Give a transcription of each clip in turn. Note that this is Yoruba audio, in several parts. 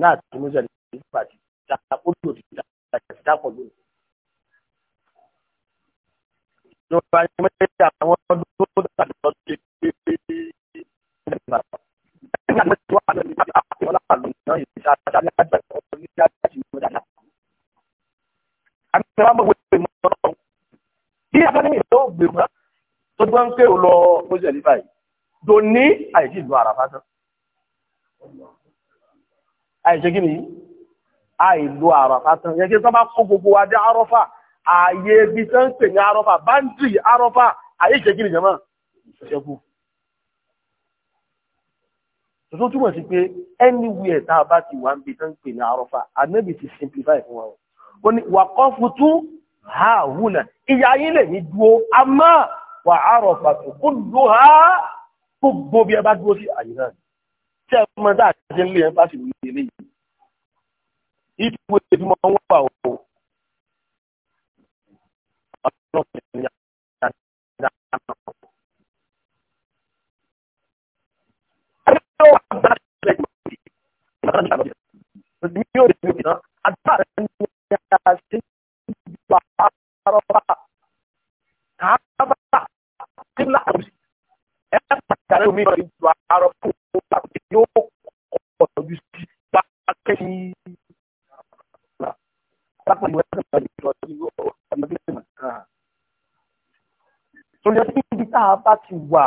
náà tí mo jẹ́ nípa ti dápọ́lò ti dápọ̀ lónìí. ìjọba ní mẹ́ta àwọn ọdún tó dàbí ọdún tó ṣe pé nígbà tó wà lórí àwọn aláàlú náà yìí ṣe àtàlẹ́ àgbà ọ̀rọ̀ ní ìdájọ́ ìlú ìdájọ́. àti ìjọba mọ̀ wípé mo sọ ọ́ bí akademi ìlú ògbè wọn tó gbọ́n pé ó lọ mo jẹ́ nípa yìí dòní àìsí ìlú àràfá tán àìṣe kí ni àìlú àràfà tán yẹ kí tán bá kó gbogbo wa dé àrọ́fà ààyè ibi tán pè ní àrọ́fà báńdì àrọ́fà àìṣe kí ni jẹ́mọ́ ìṣẹ́kù tó túmọ̀ sí pé anywhere tá a bá ti wà ń bi tán pè ní àrọ́fà ànábì ti simplify fún wa ó ní wàkọ́ futu ha wùnà ìyá yín lè ní dúó àmọ́ wà àrọ̀fà tó kó lóha gbogbo bí ẹ bá dúó sí àyè náà tí ẹ mọ tá a ṣe ń lé ẹ bá sì wí eléyìí ibi wo ebi mọ wọn wà o Kaaba, kí yóò kọ́ ọ̀dọ́jú sí pákẹ́ ní pápá ìwé ẹ̀ka ìjọ àti ọ̀dọ́jú sí ìmọ̀. Sọ̀rọ̀ yẹn níbi tá a bá ti wà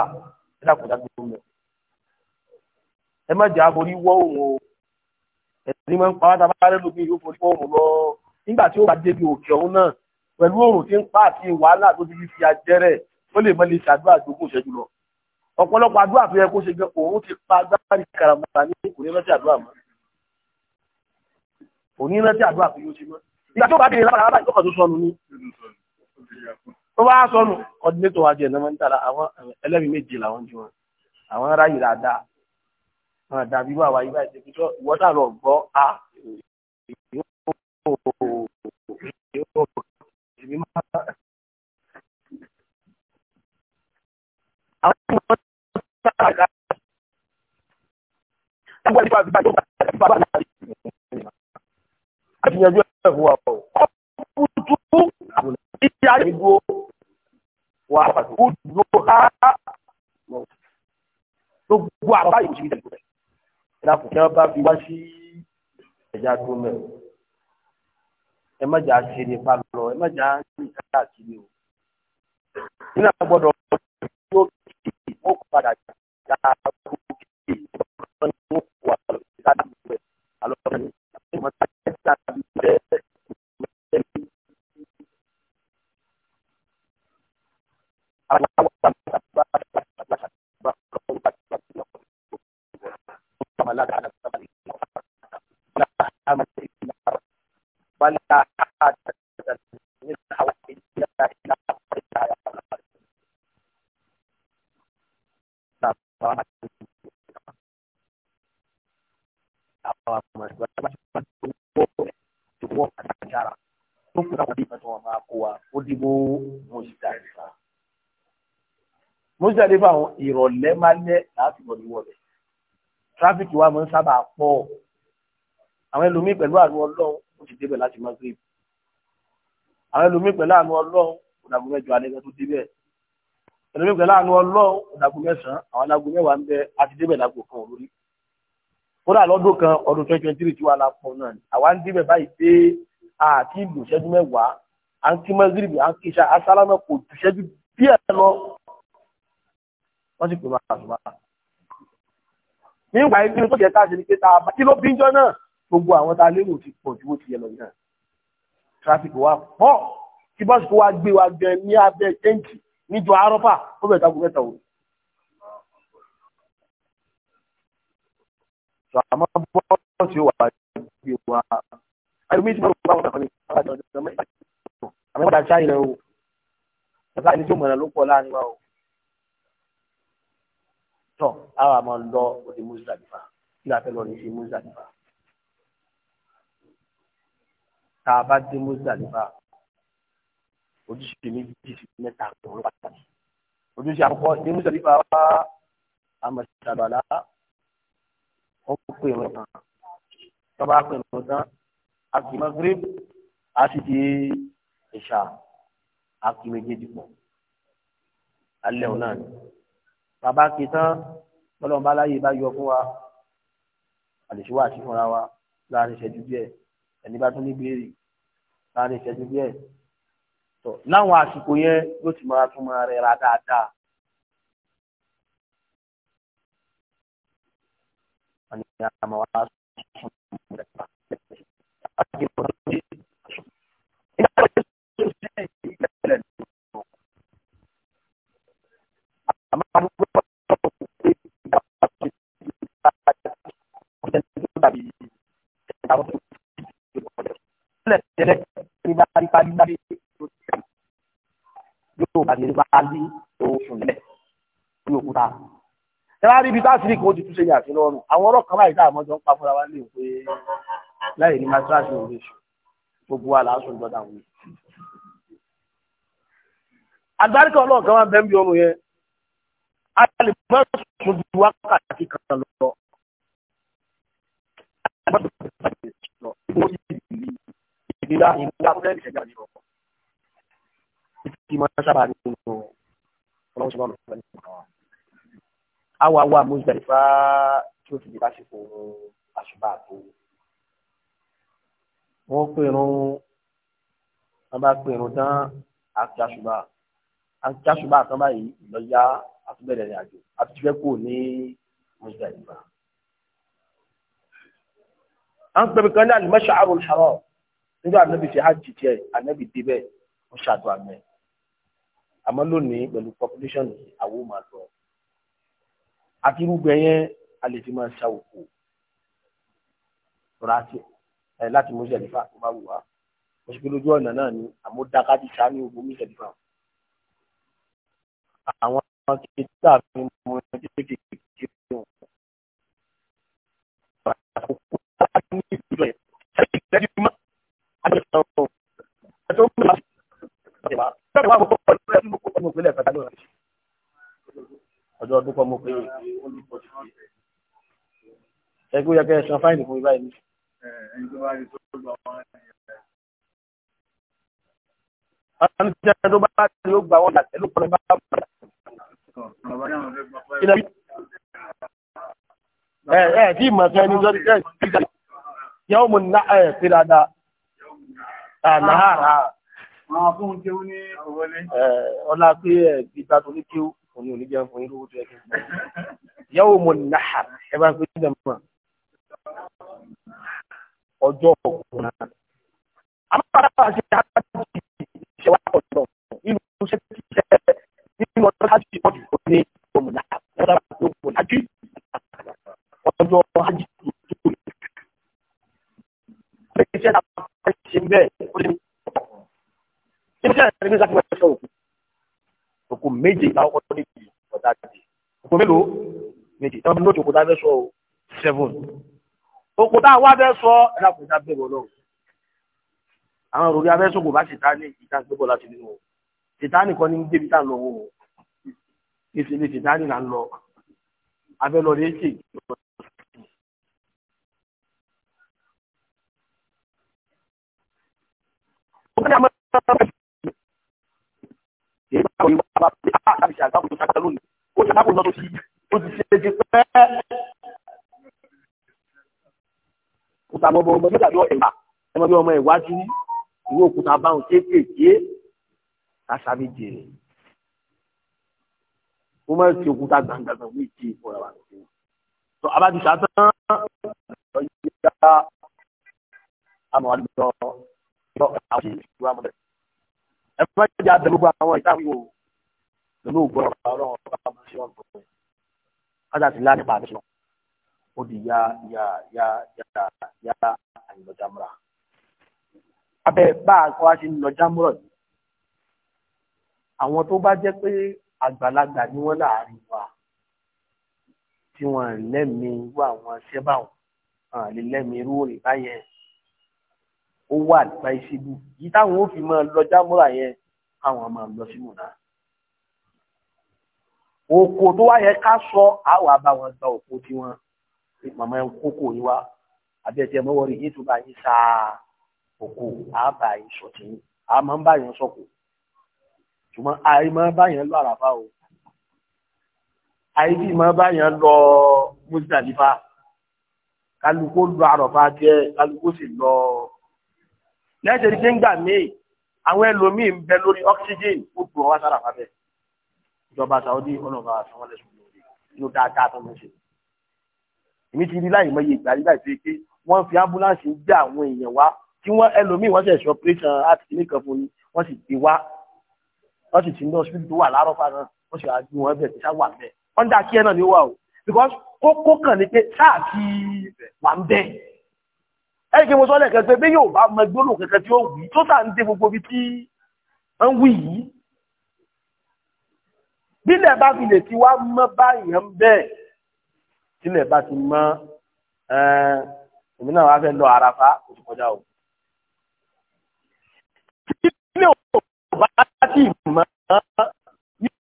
ẹ̀dá gbogbo mọ̀. Ẹ má jẹ́ aborí wọ́ òun o. Ẹ̀sìn máa ń pa wáta bá lẹ́nu bí yóò forí wọ́ òun lọ. Nígbà tí ó bá débi òkè òun náà, pẹ̀lú òrùn tí ń pa àti wàhálà tó ti fi ajẹ́rẹ̀, ó lè mọ́ lè ṣàdúrà gbogbo ìṣẹ́jú lọ ọ̀pọ̀lọpọ̀ àdúrà tó yẹ kó ṣe gan òun ti pa agbárí karamata ní onírántí àdúrà mọ́ onírántí àdúrà tó yóò ṣe mọ́ ìgbà tó bá dé lára lára ìjọba tó sọnù ní tó bá sọnù ọdúnlétò wa jẹ ẹnàmọ́ níta àwọn ẹlẹ́mìí méje làwọn jí wọn àwọn ará yìí ràdá wọn àdá bíbá àwa yìí báyìí ṣe tó ìwọ lọ gbọ́ a àwọn sáàgà ẹgbẹ́ nípa àti báyìí bá bá gbogbo àbá yìí òṣìṣẹ́ rẹ̀ ìdàkùn kí wọ́n bá fi wá sí ẹ̀já tó mẹ́rin ẹ má jà ṣe nípa lọ ẹ má jà ń rìn káàkiri o. nínú àgbọ̀dọ̀ tó ó padà wa kuma o dibo muzdalifa muzdalifa àwọn ìrọ̀lẹ́ máa lẹ́ láti bọ̀ ní wọ̀lẹ̀ tráfíkì wa máa ń sábà pọ̀ àwọn ẹlòmíì pẹ̀lú àánú ọlọ́run ó ti débẹ̀ láti magrib àwọn ẹlòmíì pẹ̀lú àánú ọlọ́run ó dàgbọ́ mẹ́jọ alẹ́ tó débẹ̀ ẹlòmíì pẹ̀lú àánú ọlọ́run ó mẹ́sàn-án àwọn alágbó mẹ́wàá ń bẹ àti débẹ̀ lágbo kan òlórí kódà lọ́dún kan ọdún twenty twenty three tí wàá la pọ̀ náà ni àwa ń débẹ̀ báyìí pé àti ìlú ìṣẹ́jú mẹ́wàá à ń kí mẹ́gírìbì à ń kí iṣẹ́ asálámẹ́ kò ju ìṣẹ́jú díẹ̀ lọ wọ́n sì pè máa àtúbà. nígbà yìí tó yẹ ká ṣe ni pé tá a bá kí ló bíjọ́ náà gbogbo àwọn tá a lérò ti pọ̀ ju bó ti yẹ lọ náà tírafíkì wa pọ̀ kí bọ́sì kó wa gbé wa gan ní abẹ́ tẹ́ǹtì níjọ arọ́fà ó bẹ̀ to amma bọ́ọ̀lù tí ó wà bí wà ẹlòmíì tí wọ́n bá wọn kàn ní ìpàdé ọ̀dọ́ mẹ́ta tó àmọ́ ìpàdé ṣáà ilẹ̀ o ọ̀sán ẹni tí ó mọ̀nà ló pọ̀ láàrin wa o tọ́ àwọn àmọ́ lọ òde Muzdalifa kí la fẹ́ lọ ní sí Muzdalifa tá a bá dé Muzdalifa ojúṣe méjì sí mẹ́ta ọ̀rọ̀ pàtàkì ojúṣe àkọ́kọ́ dé Muzdalifa wá àmọ̀ ìṣàlọ́lá ó pè wọn tán tó bá pè wọn tán a kì í magrib a sì di ìṣà a kì í méjèèjì pọ̀ alẹ́ òun ni bàbá kì í tán bọ́lọ́mọba láyé bá yọ fún wa àlèṣíwá àti fúnra wa láàrin ìṣẹ́jú díẹ̀ ẹni bá tún ní béèrè láàrin ìṣẹ́jú díẹ̀ tó láwọn àsìkò yẹn ló ti máa tún máa rẹra dáadáa ya ma wa yóò bá lè bá lé òfin lẹ yóò kúta tẹ́lárí ibi táàsìrì kò ti túnṣe ní àfihàn ọrùn àwọn ọ̀rọ̀ kan láìdá àmọ́jọ́ ń pa fúnra wa lè pé láì ní matrasi òwe ṣù gbogbo wa làásù ń dọ́dà wọn. àgbáríkà ọlọ́run kan máa ń bẹ́ ń bí ọrùn yẹn a lè mọ́ sùn ju wákàtí kan lọ. ìdílá ìmúlá fún ẹ̀rí ẹ̀já nínú ọkọ̀. ìtì máa ń sábà nínú ọlọ́run sọ́nà ọ̀rọ̀ àwa wà Muzdalifa tí ó fi di lásìkò àṣùbà tó wọ́n pèrún wọ́n bá pèrún tán àti àṣùbà àti àṣùbà tán báyìí ìlọ́yà àtúbẹ̀rẹ̀ ìrìn àjò àti tí fẹ́ kù ní Muzdalifa. à ń kan ní al-Mash'arul Haram nígbà ànábì fi hajj tiẹ̀ ànábì débẹ̀ ó ṣàdó àmẹ́ àmọ́ lónìí pẹ̀lú population àwọn máa lọ àti irúgbìn yẹn a lè fi máa ṣa òkú rọra ti ẹ láti mú ìṣẹ̀lẹ̀fà tó bá wù wá mo ṣe pé lójú ọ̀nà náà ni àmọ́ dáká ti ṣá ní ogun mú ìṣẹ̀lẹ̀fà àwọn kékeré àfi mo ṣe kékeré kékeré wọn. Gracias ọjọ́ ọdún kan mo pé ó ní pọ̀ jù pé ẹgbẹ́ yẹn san fáìlì fún ibáyìí àwọn tí a tó bá ti ó gbà wọ́n dà tẹ́lú pọ̀lọ́ bá bá ẹ ẹ tí ìmọ̀ kan ẹni sọ́dí ẹ̀ sí ìdájọ́ yóò mú ná ẹ̀ sí dáadáa àlàárà. àwọn afúnkẹ́ ní ọ̀wọ́lé. ọ̀la pé ẹ̀ ìgbà tó ní kéwú òní oníjà fún yín lówó tó yẹ kí n gbà yawmun nahar ẹ bá ń pè é jàmbá ọjọ́ ọ̀gbọ̀n àmọ́ àwọn àti àti ìṣe wa ọ̀dọ̀ nínú iṣẹ́ ti ṣe nínú ọjọ́ hajj ọjọ́ ní ọmọdé ọjọ́ tó kù hajj ọjọ́ hajj tó kù. iṣẹ́ ta fẹ́ ṣe bẹ́ẹ̀ ó lè ní ọ̀pọ̀ iṣẹ́ ta fẹ́ ṣe bẹ́ẹ̀ ó lè ní ọ̀pọ̀ méje láwọn okùn mélòó méjì ẹ̀wọ̀n ní òkúta fẹ́ sọ seven òkúta wá fẹ́ sọ ẹ̀dàkùnjà bẹ̀rẹ̀ lọ àwọn òròrí abẹ́sọ̀gbò bá ṣètá ní ìta gbẹ́bọ̀ láti nínú ṣètá nìkan ní débi tá lọ wọ́n ìṣẹ̀lẹ̀ ṣètá ní là ń lọ abẹ́lọ́rẹ́ ṣe ìjọba Ìgbà wo ni wọ́n bá bá bá bá ṣe àgbàkùn tó ṣàkàlónì? Ó ṣe àgbàkùn lọ́tọ̀ ọmọ bí ọmọ ìwájú ní ìwé òkúta báwọn kéékèèké kásámi jèrè mo máa ń fi òkúta gbàǹgbàǹgbà wí ti ìfọ̀rọ̀ wà lókè tó abájúṣà tán ọjọ́ ìyá àmọ́ àdúgbò lọ àwọn ìṣèlú àmọ́ bẹ̀rẹ̀ ẹ fẹ́ jẹ́ àdàlùgbò àwọn ìta wíwò lọ́nà ògbọ́n ọ̀rọ̀ ọ̀rọ̀ ọ̀rọ̀ ṣe wọ́n gbọ́n ọjà sí láti pàdé ó di ya ya ya ya ya àyìnbọ̀jà mọ́ra abẹ́ bá àkọ́wá ṣe ń lọ jámúrọ̀ yìí àwọn tó bá jẹ́ pé àgbàlagbà ni wọ́n láàrin wa tí wọ́n lẹ́mìí irú àwọn ṣẹ́bàwọ̀n hàn lè lẹ́mìí irú òrè báyẹn ó wà nípa ìṣèlú yìí táwọn ó fi máa lọ jámúrà yẹn káwọn máa lọ sí múná oko tó wáyẹ ká sọ àwọn àbáwọn gba òkú tiwọn màmá ẹ ń kókò yìí wá àbẹ̀tẹ̀ mọ́wọ́rì yìí tó bá yín sáà òkú àbá ìṣọ̀tí a máa ń báyàn sọ̀kù ṣùgbọ́n àì máa báyàn lọ àràfá o àìbí máa báyàn lọ Muzdalifa kálukó lọ àràfá jẹ́ kálukó sì lọ lẹ́sẹ̀ tí ń gbà míì àwọn ẹlòmíì ń bẹ lórí oxygen ó pọ̀ wá sáràfá bẹ́ẹ̀ ìjọba Saudi ọlọ́ba sanwó-ẹlẹ́sùn lórí yóò dáadáa tó ń ṣe èmi ti rí láì mọ iye ìgbà rí láì fi pé wọ́n fi ambulance gbé àwọn èèyàn wá tí wọ́n ẹlòmíì wọ́n ṣẹ̀ṣọ́ operation heart clinic fún wọ́n sì ti wá wọ́n sì ti ní hospital tó wà láàárọ̀ fáná wọ́n sì àjú wọn bẹ̀ ṣá wà bẹ́ẹ̀ wọ́n dá kí ẹ náà ní wà o because kókó kàn ní pé sáà kí wà ń bẹ́ẹ̀ ẹ̀rì kí mo sọ lẹ́ẹ̀kan pé bí yóò bá mọ gbólò kankan tí ó wù tó sà ń dé gbogbo ibi tí ń wù yìí bílẹ̀ bá fi lè ti wá mọ́ báyìí ń bẹ́ẹ̀ tílẹ̀ bá ti mọ́ ẹ̀ẹ́n òmìnira wá fẹ́ lọ àràfá òtù kọjá o ní òbá tí ìmọ̀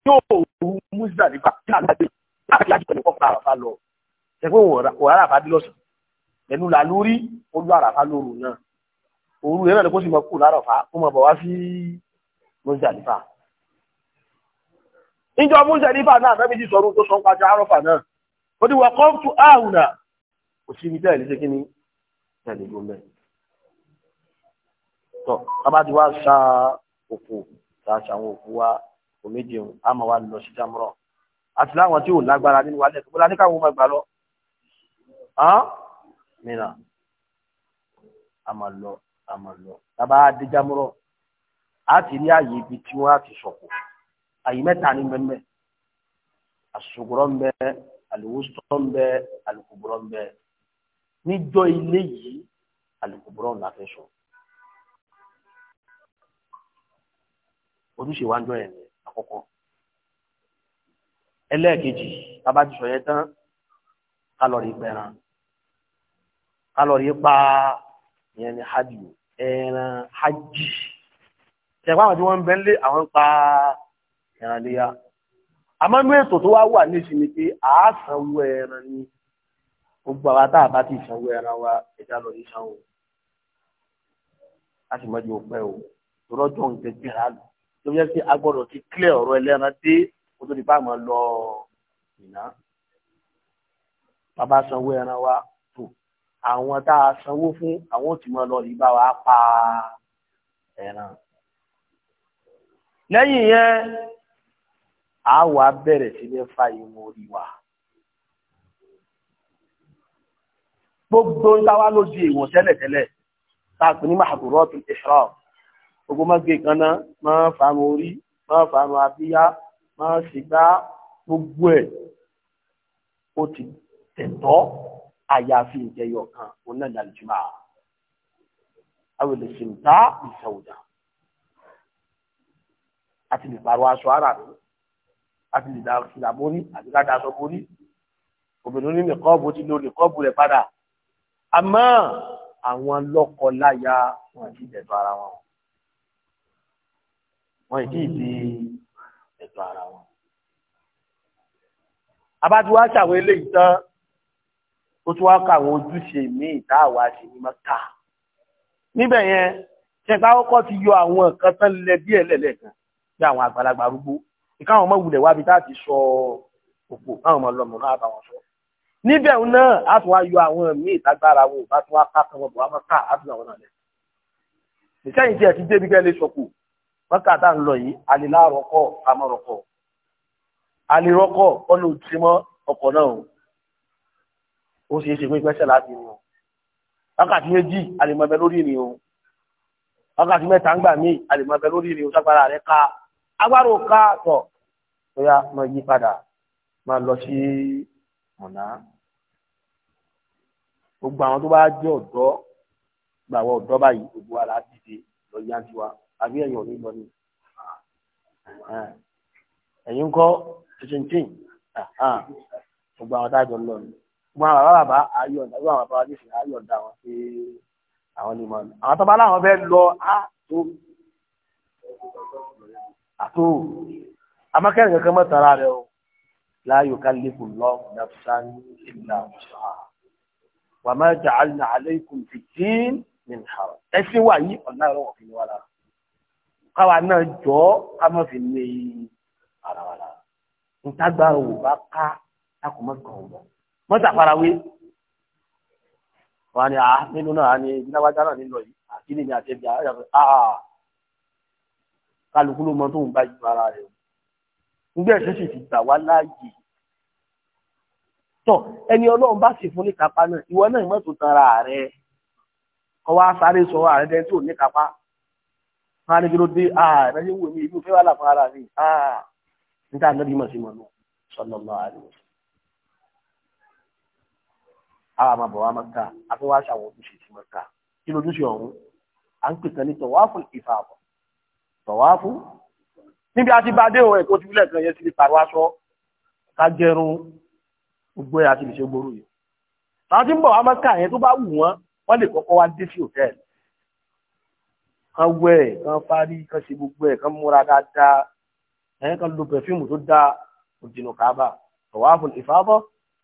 yóò wú múzà nípa tí àgbàdé láti láti pẹ̀lú ọkọ̀ àràfà lọ ẹgbẹ́ òhàrà àfà dílọ́sùn ẹnu là lórí olú àràfà lóru náà òru yẹn náà ni kó sì mọ kú lárọ̀fà ó mọ bọ̀ wá sí múzà nípa. ìjọ múzà nípa náà fẹ́mi ti sọ̀rọ̀ tó sọ ń pàṣẹ àrọ̀fà náà ó ní wọ́n kọ́ tún áhùn náà kò sí ibi bẹ́ẹ̀ ní ṣe kí ni tẹ̀lé gómìnà tọ̀ kábà ti wá sa òkú sa àwọn òkú wa òméjì òun a máa wá lọ sí jámọ́rọ̀ àti láwọn tí ò lágbára nínú alẹ́ tó bọ́lá ní káwọn máa gbà lọ. mìíràn a máa lọ a máa lọ tábà dé jámọ́rọ̀ a ti rí àyè ibi tí wọ́n á ti sọ̀kò àyè mẹ́ta ní mẹ́mẹ́ àsùgbọ́rọ̀ ń bẹ àlùwòsàn ń bẹ àlùkùbọ̀rọ̀ ń bẹ níjọ́ ilé yìí àlùkùbọ̀rọ̀ ń la fẹ́ sọ̀rọ̀. ojúṣe wa ń jọ ẹ̀mí àkọ́kọ́ ẹlẹ́ẹ̀kejì bàbá ti sọ yẹn tán kálọ̀rì pẹran kálọ̀rì pa ìyẹn ni hajj ẹran hajj ṣẹ̀pá àwọn tí wọ́n ń bẹ́ lé àwọn pa ẹran léyà àmọ́ inú ètò tó wá wà ní ìsinmi pé àásanwó ẹran ni gbogbo àwa tá a bá ti sanwó ẹran wa ẹja lọ ní sanwó láti mọ́jú ọpẹ́ o rọ́jò ń tẹ́jú ẹ̀rá ló yẹ kí a gbọ́dọ̀ ti clear ọ̀rọ̀ ẹlẹ́ran dé kó tó di bá àwọn lọ ìná bàbá sanwó ẹran wa tó àwọn tá a sanwó fún àwọn ò tí mọ lọ rí bá wa pa ẹran lẹ́yìn yẹn a wà bẹ̀rẹ̀ sí ní fa ìwọ̀n orí wa gbogbo ń táwa ló di èèwọ̀ tẹ́lẹ̀tẹ́lẹ̀ tá a pè ní mahadurọ́tul ìṣọ́ọ̀bù gbogbo má gé kaná má fàánù orí má fàánù abíyá má ṣìgbá gbogbo ẹ̀ ó ti tẹ̀tọ́ àyàfi ìjẹyọ kan onídàájúmọ́ àwọn ìlẹ̀sìntà ìṣàwùdà àti lè pàrọ̀ aṣọ ara mi àti lè dá ìlà borí àti ká da aṣọ borí obìnrin ní nìkọ́ọ̀bù ti lo nìkọ́ọ̀bù rẹ̀ padà àmọ́ àwọn lọ́kọ láya wọn ti dẹ̀tọ́ ara wọn wọn ìdí ìdí ẹ̀tọ́ ara wọn. abájú wa ṣàwọn eléyìí tán ó tún wá ka àwọn ojúṣe míì tá a wá ṣe ní mọ́ta níbẹ̀ yẹn ṣẹ̀ka kọ́kọ́ ti yọ àwọn nǹkan tán lẹ díẹ̀ lẹ́lẹ́kan bí àwọn àgbàlagbà arúgbó ìkáwọn ọmọ wulẹ̀ wábi tá a sọ òpó káwọn ọmọ lọmọ náà bá wọn sọ níbẹ̀ náà a tún wá yọ àwọn míì tágbára wọn bá tún wá ká kan wọn bọ̀ wá mọ́ta a tún àwọn náà lẹ̀ wákàtà ń lọ yìí alìláàrọ́kọ̀ amọ̀rọ̀kọ̀ alìrọ́kọ̀ ọ̀nà òtímọ́ ọkọ̀ náà ó ṣe é ṣe pín pẹ́sẹ̀ láti rìn wákàtí méjì alìmọ̀bẹ lórí ni o wákàtí mẹ́ta ń gbà míì alìmọ̀bẹ lórí ìrìn o ságbára rẹ̀ ká agbára ò ká tọ̀ bóyá máa yí padà máa lọ sí mọ̀nà gbogbo àwọn tó bá jẹ́ ọ̀dọ́ gbàwọ̀ ọ̀dọ́ báyìí gbogbo wa lọ yá tiwa àbí ẹ̀yìn ò ní lọ ni ẹ̀yìn ń kọ́ tuntun gbogbo àwọn táàjọ ń lọ ni gbogbo àwọn bàbá bàbá ayọ̀ ní àwọn bàbá ní ìsìn ayọ̀ dá wọn pé àwọn ni màá àwọn tó bá láwọn fẹ́ lọ àtò àtò amákẹ́rin kankan mọ́ tara rẹ o láàyò kálífù lọ nàfṣán ìlà ọ̀ṣọ́ wàmẹ́jà alìnà àlẹ́kùn fìtín ní ìhàrọ̀ ẹ̀sìn wà yí ọ̀nà ìrọ̀wọ̀ fi ni wà lára káwa náà jọ ọ́ ká má fi ní e ara wa la ntagba ò bá ká akọ̀mọ́ kan mọ́ mọ́tà farawé wọn ni àá nínú náà ni ìdílábájá náà nílò yìí àti nìyí àti ẹbí àwọn ìyàwó àá kálukú ló mọ tó ń bá ju ara rẹ o nígbà ẹ̀sìn sì ti gbà wá láàyè tọ ẹni ọlọ́run bá sì fún níkapá náà ìwọ náà mọ́tò tan ara rẹ kọ́ wá sáré sọ ààrẹ dẹ́n tí ò níkapá wọn á ní kí ló dé ààrẹ ah, wò mí ìlú fẹ́ wà láfún ara mi ah, níta ànábì mọ̀ sí mọ̀ nù sallallahu alaihi wasallam àwọn àmàbọ̀ wa Mákà afẹ́wà ṣàwọn ojúṣe sí Mákà kí ló dúṣe ọ̀hún à ń pèsè ní tọ̀wáfù ìfàbọ̀ tọ̀wáfù níbi àti bá dé òun ẹ̀kọ́ ti wílẹ̀ kan yẹn sí ti pàrọ̀ aṣọ gbogbo ẹ̀ àti ìṣègbòrò yìí àwọn ń bọ̀ wá Mákà yẹn tó bá wù wọ́n wọ́n lè kọ́kọ́ wá dé sí hòtẹ́ẹ̀lì kán wẹ̀ kán parí kán ṣe gbogbo ẹ̀ kán múra dáadáa ẹ̀ kán lo pẹ̀fíìmù tó dáa òjìnà káàbà tọ̀wáfùn ìfáàbọ̀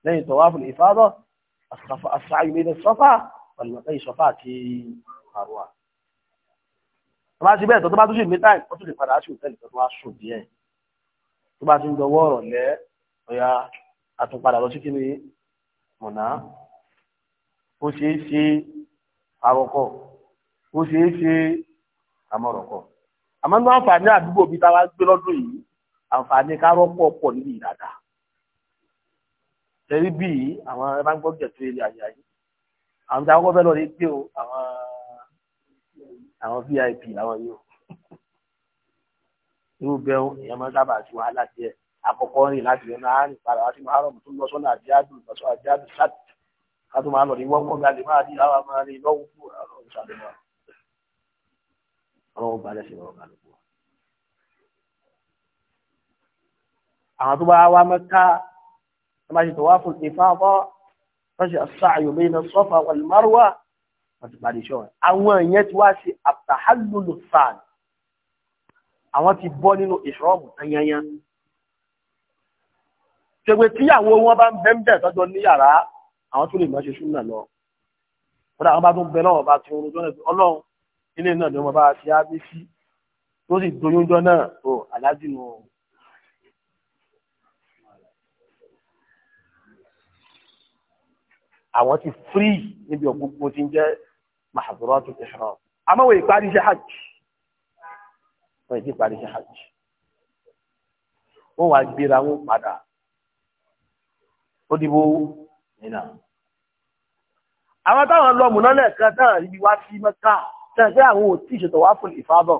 lẹ́yìn tọ̀wáfùn ìfáàbọ̀ àṣàyìnlẹ̀ sọ́fà ọ̀nàmọ̀tẹ́ ìṣọ́fà àti àrùwà. tó bá ti bẹ́ẹ̀ tó tó bá tó sì mí táì ó tún lè padà sí òtẹ́ẹ̀lì tó tó wá sùn díẹ̀ tó bá ti ń dọwọ́ ọ̀rọ̀ lẹ́ ọ̀yà àtúnpadà lọ sí kí ni mọ̀nà ó ṣeé ṣe àròkọ ó ṣeé ṣe amọ̀rọ̀kọ̀ àmọ́ ní àǹfààní àdúgbò bíi táwa gbé lọ́dún yìí àǹfààní kárọ́pọ̀ pọ̀ níbi ìdàdà tẹ̀lé bíi àwọn ẹ bá ń gbọ́ gẹ̀tù ilé ayé ayé àwọn tí akọ́kọ́ fẹ́ lọ rí gbé o àwọn vip làwọn yìí o irú bẹ́ẹ̀ èèyàn máa ń sábà sí wàhálà díẹ̀ àkọ́kọ́ rìn láti rìn náà rìn padà wá sí maharam tó lọ sọ́nà àjíádù lọ́sọ́ àjíádù sat ká tó máa lọ rí wọ́pọ̀ gàdé máa rí àwọn máa rí lọ́wọ́ fún àwọn ọlọ́run gba lẹ́sìn ọ̀rọ̀ kálukú wa. àwọn tó bá wá mẹ́ka wọ́n máa ṣe tó wá fún ìfáfọ́ wọ́n ṣe as-sa'yu bayna as-safa wal-marwa wọ́n ti parí iṣẹ́ wọn. àwọn èèyàn ti wá ṣe àtàhálùlù sáàdì àwọn ti bọ́ nínú ìṣọ́ọ̀bù tanyanyan. ṣègbè tíyàwó wọn bá ń bẹ́ńbẹ́ tọ́jọ́ ní yàrá àwọn tó lè máa ṣe súnà lọ. kódà àwọn bá tún bẹ náà bá tún ọlọ́run ilé náà ni wọ́n bá fi ábí sí tó sì doyúnjọ́ náà ò aláàjì nù ọ́. àwọn ti fírí níbi ọ̀gbogbo ti ń jẹ́ mahduratu ihram àmọ́ wọ́n ìparí iṣẹ́ hajj wọ́n ìdí ìparí iṣẹ́ hajj wọ́n wá gbéra wọn padà ó dìbò nínà àwọn táwọn lọ mùnánà kan náà ibi wá sí mẹ́ta tẹ́gbẹ́ àwọn òtí ìṣètò wá fún ìfábọ̀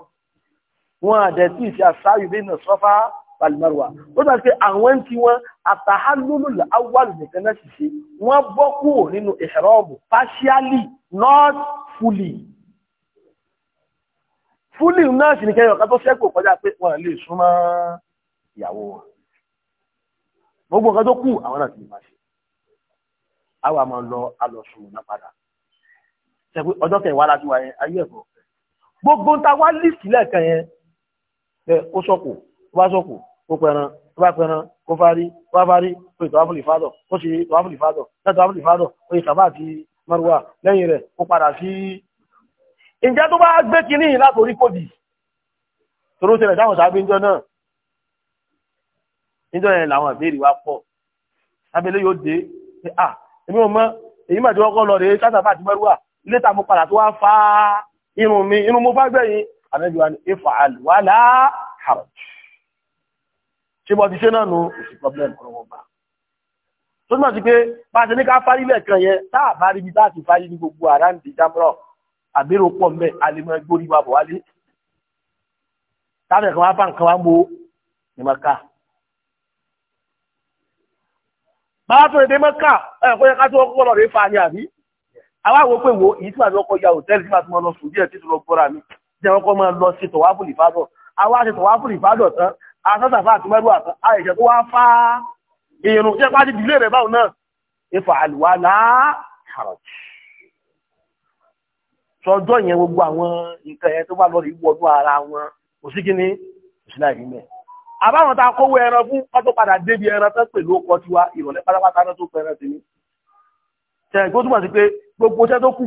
wọn àdẹ̀ tí ìṣe àṣáyù bí sọ́fà palmarwa ó dà pé àwọn tí wọn àtàhálólò awàlù nìkan náà sì ṣe wọn bọ́ kúrò nínú ìṣẹ̀rọ̀bù partially not fully fully náà sì ní kẹyọ̀ kan tó ṣẹ́kù kọjá pé wọn lè súnmọ́ ìyàwó wọn gbogbo nǹkan tó kù àwọn náà ti máa ṣe àwọn àmọ́ lọ alọ̀sùn náà padà ṣẹ̀pẹ́ ọjọ́ kẹwàá láti wáyé ayé ẹ̀kọ́ gbogbo ń ta wá líìsì lẹ́ẹ̀kan yẹn ẹ ó sọ̀kò ó bá sọ̀kò ó pẹran ó bá pẹran ó fárí ó bá fárí ó yẹ tọ́wáfìlì fádọ̀ ó ṣe tọ́wáfìlì fádọ̀ lẹ́yìn tọ́wáfìlì fádọ̀ ó yẹ sàbá àti márùwà lẹ́yìn rẹ̀ ó padà sí. ǹjẹ́ tó bá gbé kinní látòrí kòdì torí ó ṣẹlẹ̀ táwọn sábẹ́ ńjọ náà ńjọ yẹn làwọn ìbéèrè wa pọ̀ abẹ́lé yóò dé pé à èmi ò mọ èyí mà ti wọ́kọ́ lọ rèé sátàfà àti márùwà létà mo padà tó wá fa irun mi irun mo fá gbẹ̀yìn ànábì wa ni efa àlùwálà haraj ṣé bọ́ ti ṣe náà nu èsì problem kọ́ wọn bá tó náà ti pé bá a ṣe ní ká fárí lẹ́ẹ̀kan yẹn tá a bá rí ibi tá a ti fárí ní gbogbo àrá ń di jámọ́rọ̀ àbérò pọ̀ mbẹ́ alimọ̀ gbórí wa bọ̀ wálé bá tó èdè maka ẹ̀ yẹ ká tó kọ́kọ́ lọ fa ni àbí àwa wo pé wo èyí tí wàá lọ́kọ́ ya hòtẹ́ẹ̀lì tí wàá tún lọ sùn díẹ̀ tí tó lọ gbọ́ra mi jẹ́ wọn kọ́ máa lọ sí tọ̀wáfùlì fádọ̀ àwa ṣe tọ̀wáfùlì fádọ̀ tán asásàfà àti mẹ́rù àtàn àìṣẹ́ tó wá fá irun jẹ́ pàdé ìdílé rẹ̀ báwọn náà ifá àlùwà láà àrọ̀jù sọjọ́ yẹn gbogbo àwọn nǹkan ẹ̀ tó bá lọ rí wọnú ara wọn kò sí kíní kò sí láì nílẹ̀ àbáwọn ta kówó ẹran fún pátó padà débi ẹran tán pẹ̀lú ọkọ̀ tiwa ìrọ̀lẹ́ pátápátá náà tó pẹ̀rẹ̀ sí ni tẹ̀ tó túmọ̀ sí pé gbogbo iṣẹ́ tó kù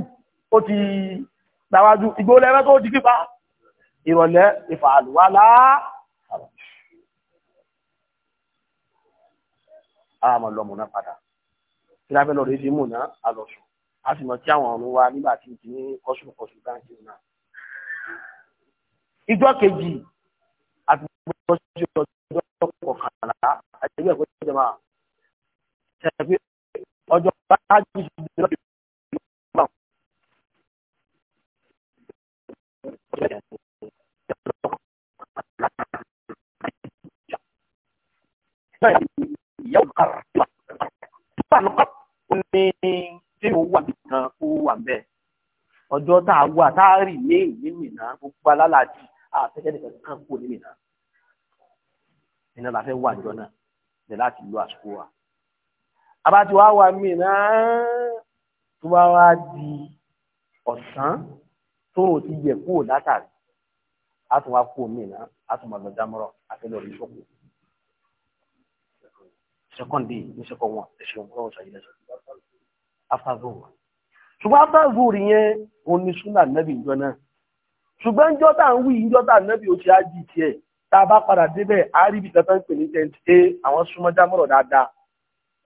ó ti gbàwájú ìgbòho lẹ́rẹ́ tó di pípa ìrọ̀lẹ́ ìfàlùwálá àmọ́ lọ mọ̀nà padà kí láfẹ́ lọ rèé fi mọ̀nà àlọ́sùn a sì mọ̀ tí àwọn ọ̀run wa nígbà tí ti ní kọ́sùkọ́sù báńkì náà. ìjọ kejì àti gbogbo ọjọ́ ọjọ́ kọkànlá ẹgbẹ́ ìkọ́jọ́ ìjọba ṣẹ̀fẹ́ ọjọ́ bá jù sí ìjọba yàwùkàrà tó àlùkà ó ní tí ó wà nìkan ó wà ń bẹ ọjọ́ tá a wà tá a rì ní ìlú mìíràn gbogbo alálàájì àtẹ́jẹ́ nìkan kan kú ní mìíràn iná la fẹ́ wà jọ náà lè láti lo àsìkò wa abájọ́ wa wà mìíràn tó bá wá di ọ̀sán tóun ti yẹ kúrò látàrí a tún wá kúrò mí náà a tún máa lọ dámọ́rọ̀ àti lọ rí sọ́kù sẹ́kọ̀ndì ní sẹ́kọ̀ wọn ẹ̀ṣẹ̀ òkúrọ̀ ọ̀sán yìí lẹ́sẹ̀ after zoro ṣùgbọ́n after zoro yẹn òun ni súnà nẹ́bì ìjọ náà ṣùgbọ́n ìjọ tá à ń wí ìjọ tá à nẹ́bì ó ti á jì tiẹ̀ tá a bá padà débẹ̀ á rí ibi kankan pè ní tẹ́ǹtì àwọn súnmọ́ dámọ́rọ̀ dáadáa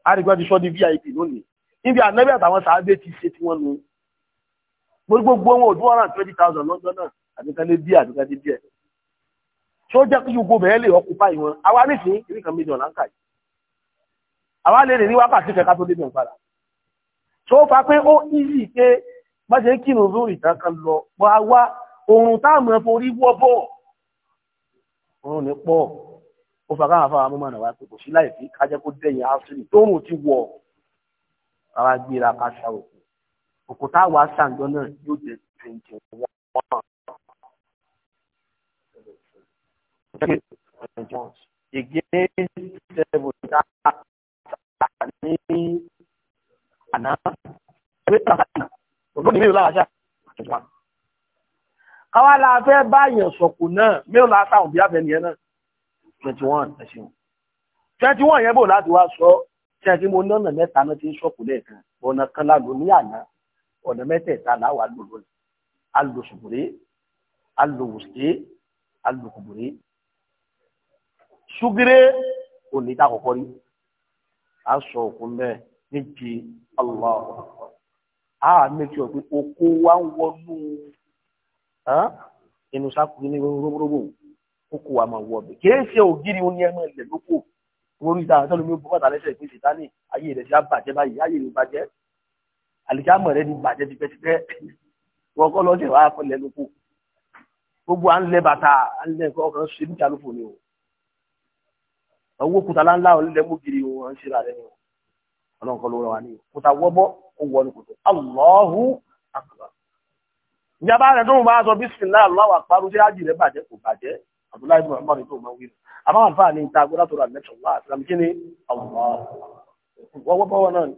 á rí gbọ́dọ̀ sọ́ di vip lónìí níbi ànẹ́bì àtàwọn sàábé ti ṣe tí wọ́n nu gbogbo wọn ò dún ọ̀ràn twenty thousand lọ́jọ́ náà àbíkanlé díẹ̀ àbíkanlé díẹ̀ tí ó jẹ́ kí gbogbo bẹ̀rẹ̀ lè occupy wọn àwa nísìnyí kìíní kan mílíọ̀nù láǹkà yìí àwa lè rìn ní wákàtí kẹka tó débẹ̀ padà tí ó fa pé ó easy pé bá ṣe ń kírun lórí ìtàn kan lọ bọ́ a wá oorun táàmù ẹ̀ forí wọ́ bọ̀ oorun ní pọ̀ ó fa káwọn afáwọn amúmọ̀nà wa pé kò sí láì fi kájẹ́ kó dẹ̀yìn áṣírí tóorùn ti wọ̀ àwa gbéra ká ṣàrò òkúta wà sàǹjọ náà yóò jẹ twenty one. Again, seven ní àná ẹgbẹ́ tàbí ògbóni mí lára ṣá káwá la fẹ́ báyàn sọ̀kù náà mí ò láta òbí àfẹ́ni ẹ̀ náà twenty one ẹ̀sìn twenty one yẹn bò láti wá sọ ṣe ti mo nọ́nà mẹ́ta náà ti ń sọ̀kù lẹ́ẹ̀kan ọ̀nà kan lágbo ní àná ọ̀nà mẹ́tẹ̀ẹ̀ta làwọn àlò lónìí àlò ṣùgbùrè àlò wùsùté àlò kùbùrè ṣúgíré òní tá àkọ́kọ́ rí a sọ òkun bẹ́ẹ̀ méje allah a méjì ọ̀ pé oko wa ń wọnú inú sákùnrin ní rúbúrúbù oko wa máa wọ ọbẹ̀ kìí ṣe ògiri oní ẹnu ilẹ̀ lóko orí ìdáhùn tó lómi bọ́ bàtà lẹ́sẹ̀ ìpín sìtánì ayé rẹ̀ ti bàjẹ́ báyìí ayé rẹ̀ bàjẹ́ àlìkámọ̀ rẹ ti bàjẹ́ tipẹ́tipẹ́ wọn kọ́ lọ́sẹ̀ wá fọlẹ́ lóko gbogbo à ń lẹ bàtà à ń lẹ nǹkan ọkàn ṣe níta lófo ni o owó kùtà láńlá ọ̀lẹ́lẹ̀ mọ́gìrì o à ń ṣe rárẹ̀ o ọlọ́run kọ́ ló rẹ wa ní kùtà wọ́bọ́ ó wọ ní kùtà Allahu akbar ìjàmbá rẹ̀ tó ń bá sọ bísímìlá aláwọ̀ àparò tí ájì rẹ̀ bàjẹ́ kò bàjẹ́ Abdullahi ibn Umar tó máa wí àbáwọn àfáà ní ìta agbódà tó rà mẹ́tọ̀ wá àti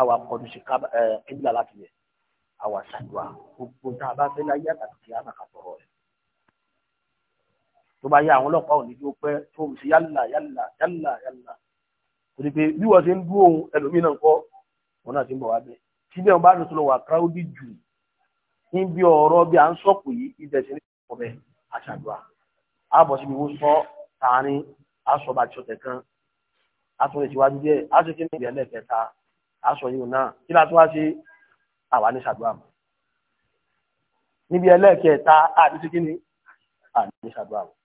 àwa kọjú sí kíbla láti yẹ àwa ṣàdúrà gbogbo tá a bá fẹ́ láyé àtàkùn kí á nà ká tọrọ rẹ̀ tó bá yá àwọn ọlọ́pàá òní tó pẹ́ tó ń ṣe yálà yálà yálà yálà torí pé bí wọ́n ṣe ń dúró ohun ẹlòmínà ń kọ́ wọn náà ti ń bọ̀ wá bẹ́ẹ̀ tí bí wọn bá tuntun lọ wà káwọ́dì jù ní bí ọ̀rọ̀ bí à ń sọ̀kù yìí ibẹ̀ sí ní ọbẹ̀ àṣàdùà àbọ̀ síbi wọ́n sọ tààrin aṣọba àti ọ̀tẹ̀ kan àtúnṣe síwájú díẹ̀ aṣèké ní ìbẹ̀lẹ̀ kẹta aṣọ yìí náà kí láti wá sí àwa ní ṣàdúrà mọ́ níbi ẹlẹ́ẹ̀kẹta àti sí kíni àti ṣàdúrà mọ́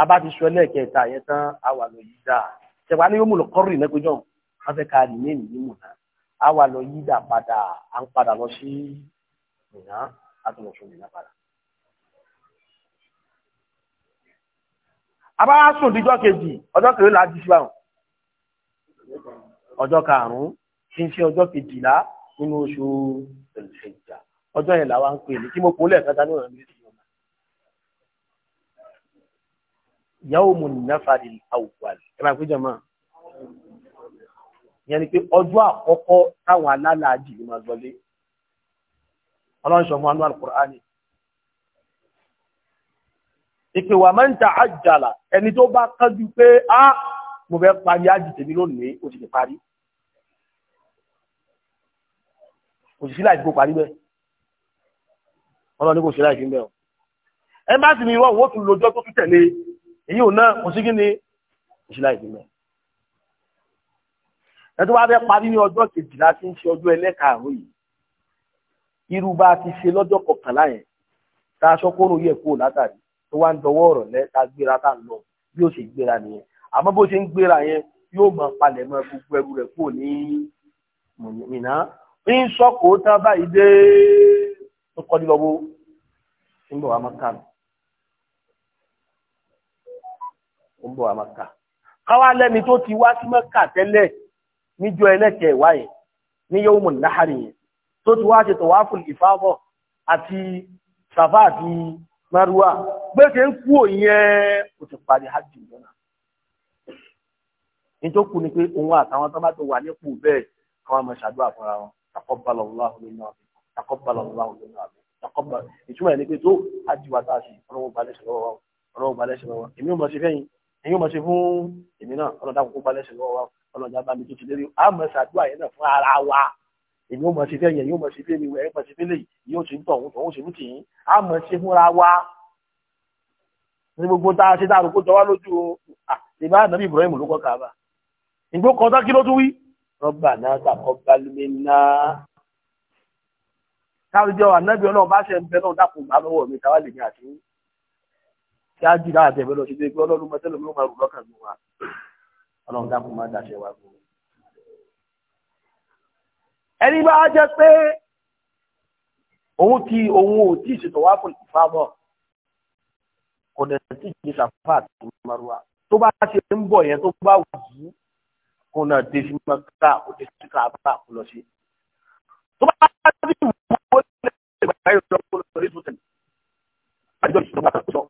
a bá ti sọ ẹlẹ́ẹ̀kẹta yẹn tán àwa lọ yí dà ṣẹ̀wá ní yóò mú lọ kọ́rì lẹ́gbẹ́jọ́ wọn fẹ́ ka rìn ní ìlú mùnà àwa lọ yí dà padà à ń padà lọ sí mùnà àtúnlọ̀sùn mùnà padà. a bá sùn díjọ́ kejì ọjọ́ kejì là di síbáwọn ọjọ́ karùn-ún tí ń ṣe ọjọ́ kejìlá nínú oṣù ẹ̀jà ọjọ́ yẹn làwa ń pè ní kí mo kó lẹ́ẹ̀kan tani ọ̀rọ̀ mi sí ọmọ. yawmun nafaril awwal ẹ máa péjọ mọ́ ìyẹn ni pé ọjọ́ àkọ́kọ́ táwọn alálàájì ni máa gbọ́lé ọlọ́nṣọ́ fún anú alukur'ani ìpè wà máa ń ta àjàlá ẹni tó bá kájú pé á mo fẹ́ parí ájì lónìí ó ti parí kò sí láì kó parí bẹ́ẹ̀ ọlọ́ni kò sí láì fi ń bẹ̀ ọ́ ẹmbáàsì ni ìwọ̀n wọ́n tún lójọ́ tó tún tẹ̀lé èyí ò náà kò sí kí ni kò sí láì fi ń bẹ̀ ẹ tó wá fẹ́ parí ní ọjọ́ kejìlá tí ń ṣe ọjọ́ ẹlẹ́karùn-ún yìí irú bá ti ṣe lọ́jọ́ kọkànlá yẹn tá a ṣọ́kóró yẹ kó látàrí tó wá ń dọwọ́ ọ̀rọ̀ lẹ́ ta gbéra tá ń lọ bí ó ṣe gbéra nìyẹn àmọ́ bó ṣe ń gbéra yẹn yóò máa palẹ̀ gbogbo ẹrù rẹ̀ kúrò ní mìíràn ní sọ́kò tá a báyìí dé tó kọjú lọ́wọ́ ń bọ̀ wá ń bọ̀ wá lẹ́ni tó ti wá sí mọ́ká tẹ́lẹ̀ níjọ ẹlẹ́kẹ̀ ìwá yẹn ní yawmun nahari yẹn tó ti wá ṣe tawaful ifada àti sàfà àti márùwà gbẹ́kẹ̀ ń kú òyìn ti parí hajj ní tó ni pé òun àtàwọn takọ́bàlá ọláhùn nínú àbí takọ́bàlá ọláhùn nínú àbí takọ́bàlá ìtumọ̀ ẹni pé tó àjùwà tá a ṣe ọlọ́wọ́ balẹ̀ ṣe lọ́wọ́ wa ọlọ́wọ́ balẹ̀ ṣe lọ́wọ́ wa èmi ò mọ̀ ṣe fẹ́yìn èmi ò mọ̀ ṣe fún èmi náà ọlọ́dà kókó balẹ̀ ṣe lọ́wọ́ wa ọlọ́dà bá mi tó ti lérí àmọ́ ṣàdúrà yẹn náà fún ara wa èmi ò mọ̀ ṣe fẹ́yìn èmi ò mọ̀ ṣe fẹ́ mi ẹ̀ mọ̀ ṣe fẹ́ lè yóò ṣe ń tọ̀ òun tòun ṣe mí tìyín àmọ́ ṣe fúnra wa ní gbogbo tá a ṣe dáàrú kó jọ wá lójú o ìbá nàbí Ibrahim ló kọ́ kàá bá ìgbó kan kí ló tún wí Rabbana taqabbal minna. káwùjọ ànábì ọlọ́run bá ṣe ń bẹ náà dákun bá lọ́wọ́ mi táwa lè ní àti kí á jìnnà àti ẹ̀bẹ̀ lọ sí pé ọlọ́run mọ́tẹ́lẹ̀ mi ò máa rù lọ́kàn mi wá ọlọ́run dákun má dàṣẹ wa gbọ́. ẹni bá jẹ́ pé òun ti òun ò tí ì ṣètò wá fún ìfàbọ̀ kò dẹ̀ tí ì ṣe ṣàfà àti ìmọ̀rùwà tó bá ṣe ń bọ̀ yẹn tó bá wù ú kó náà dé o mọ́ká ó dé sí káàbà kó lọ sí. tó bá bá bí ìwọ lè gbà yóò lọ kó lọ rí tó tẹ̀lé àjọ ìṣòro bá tó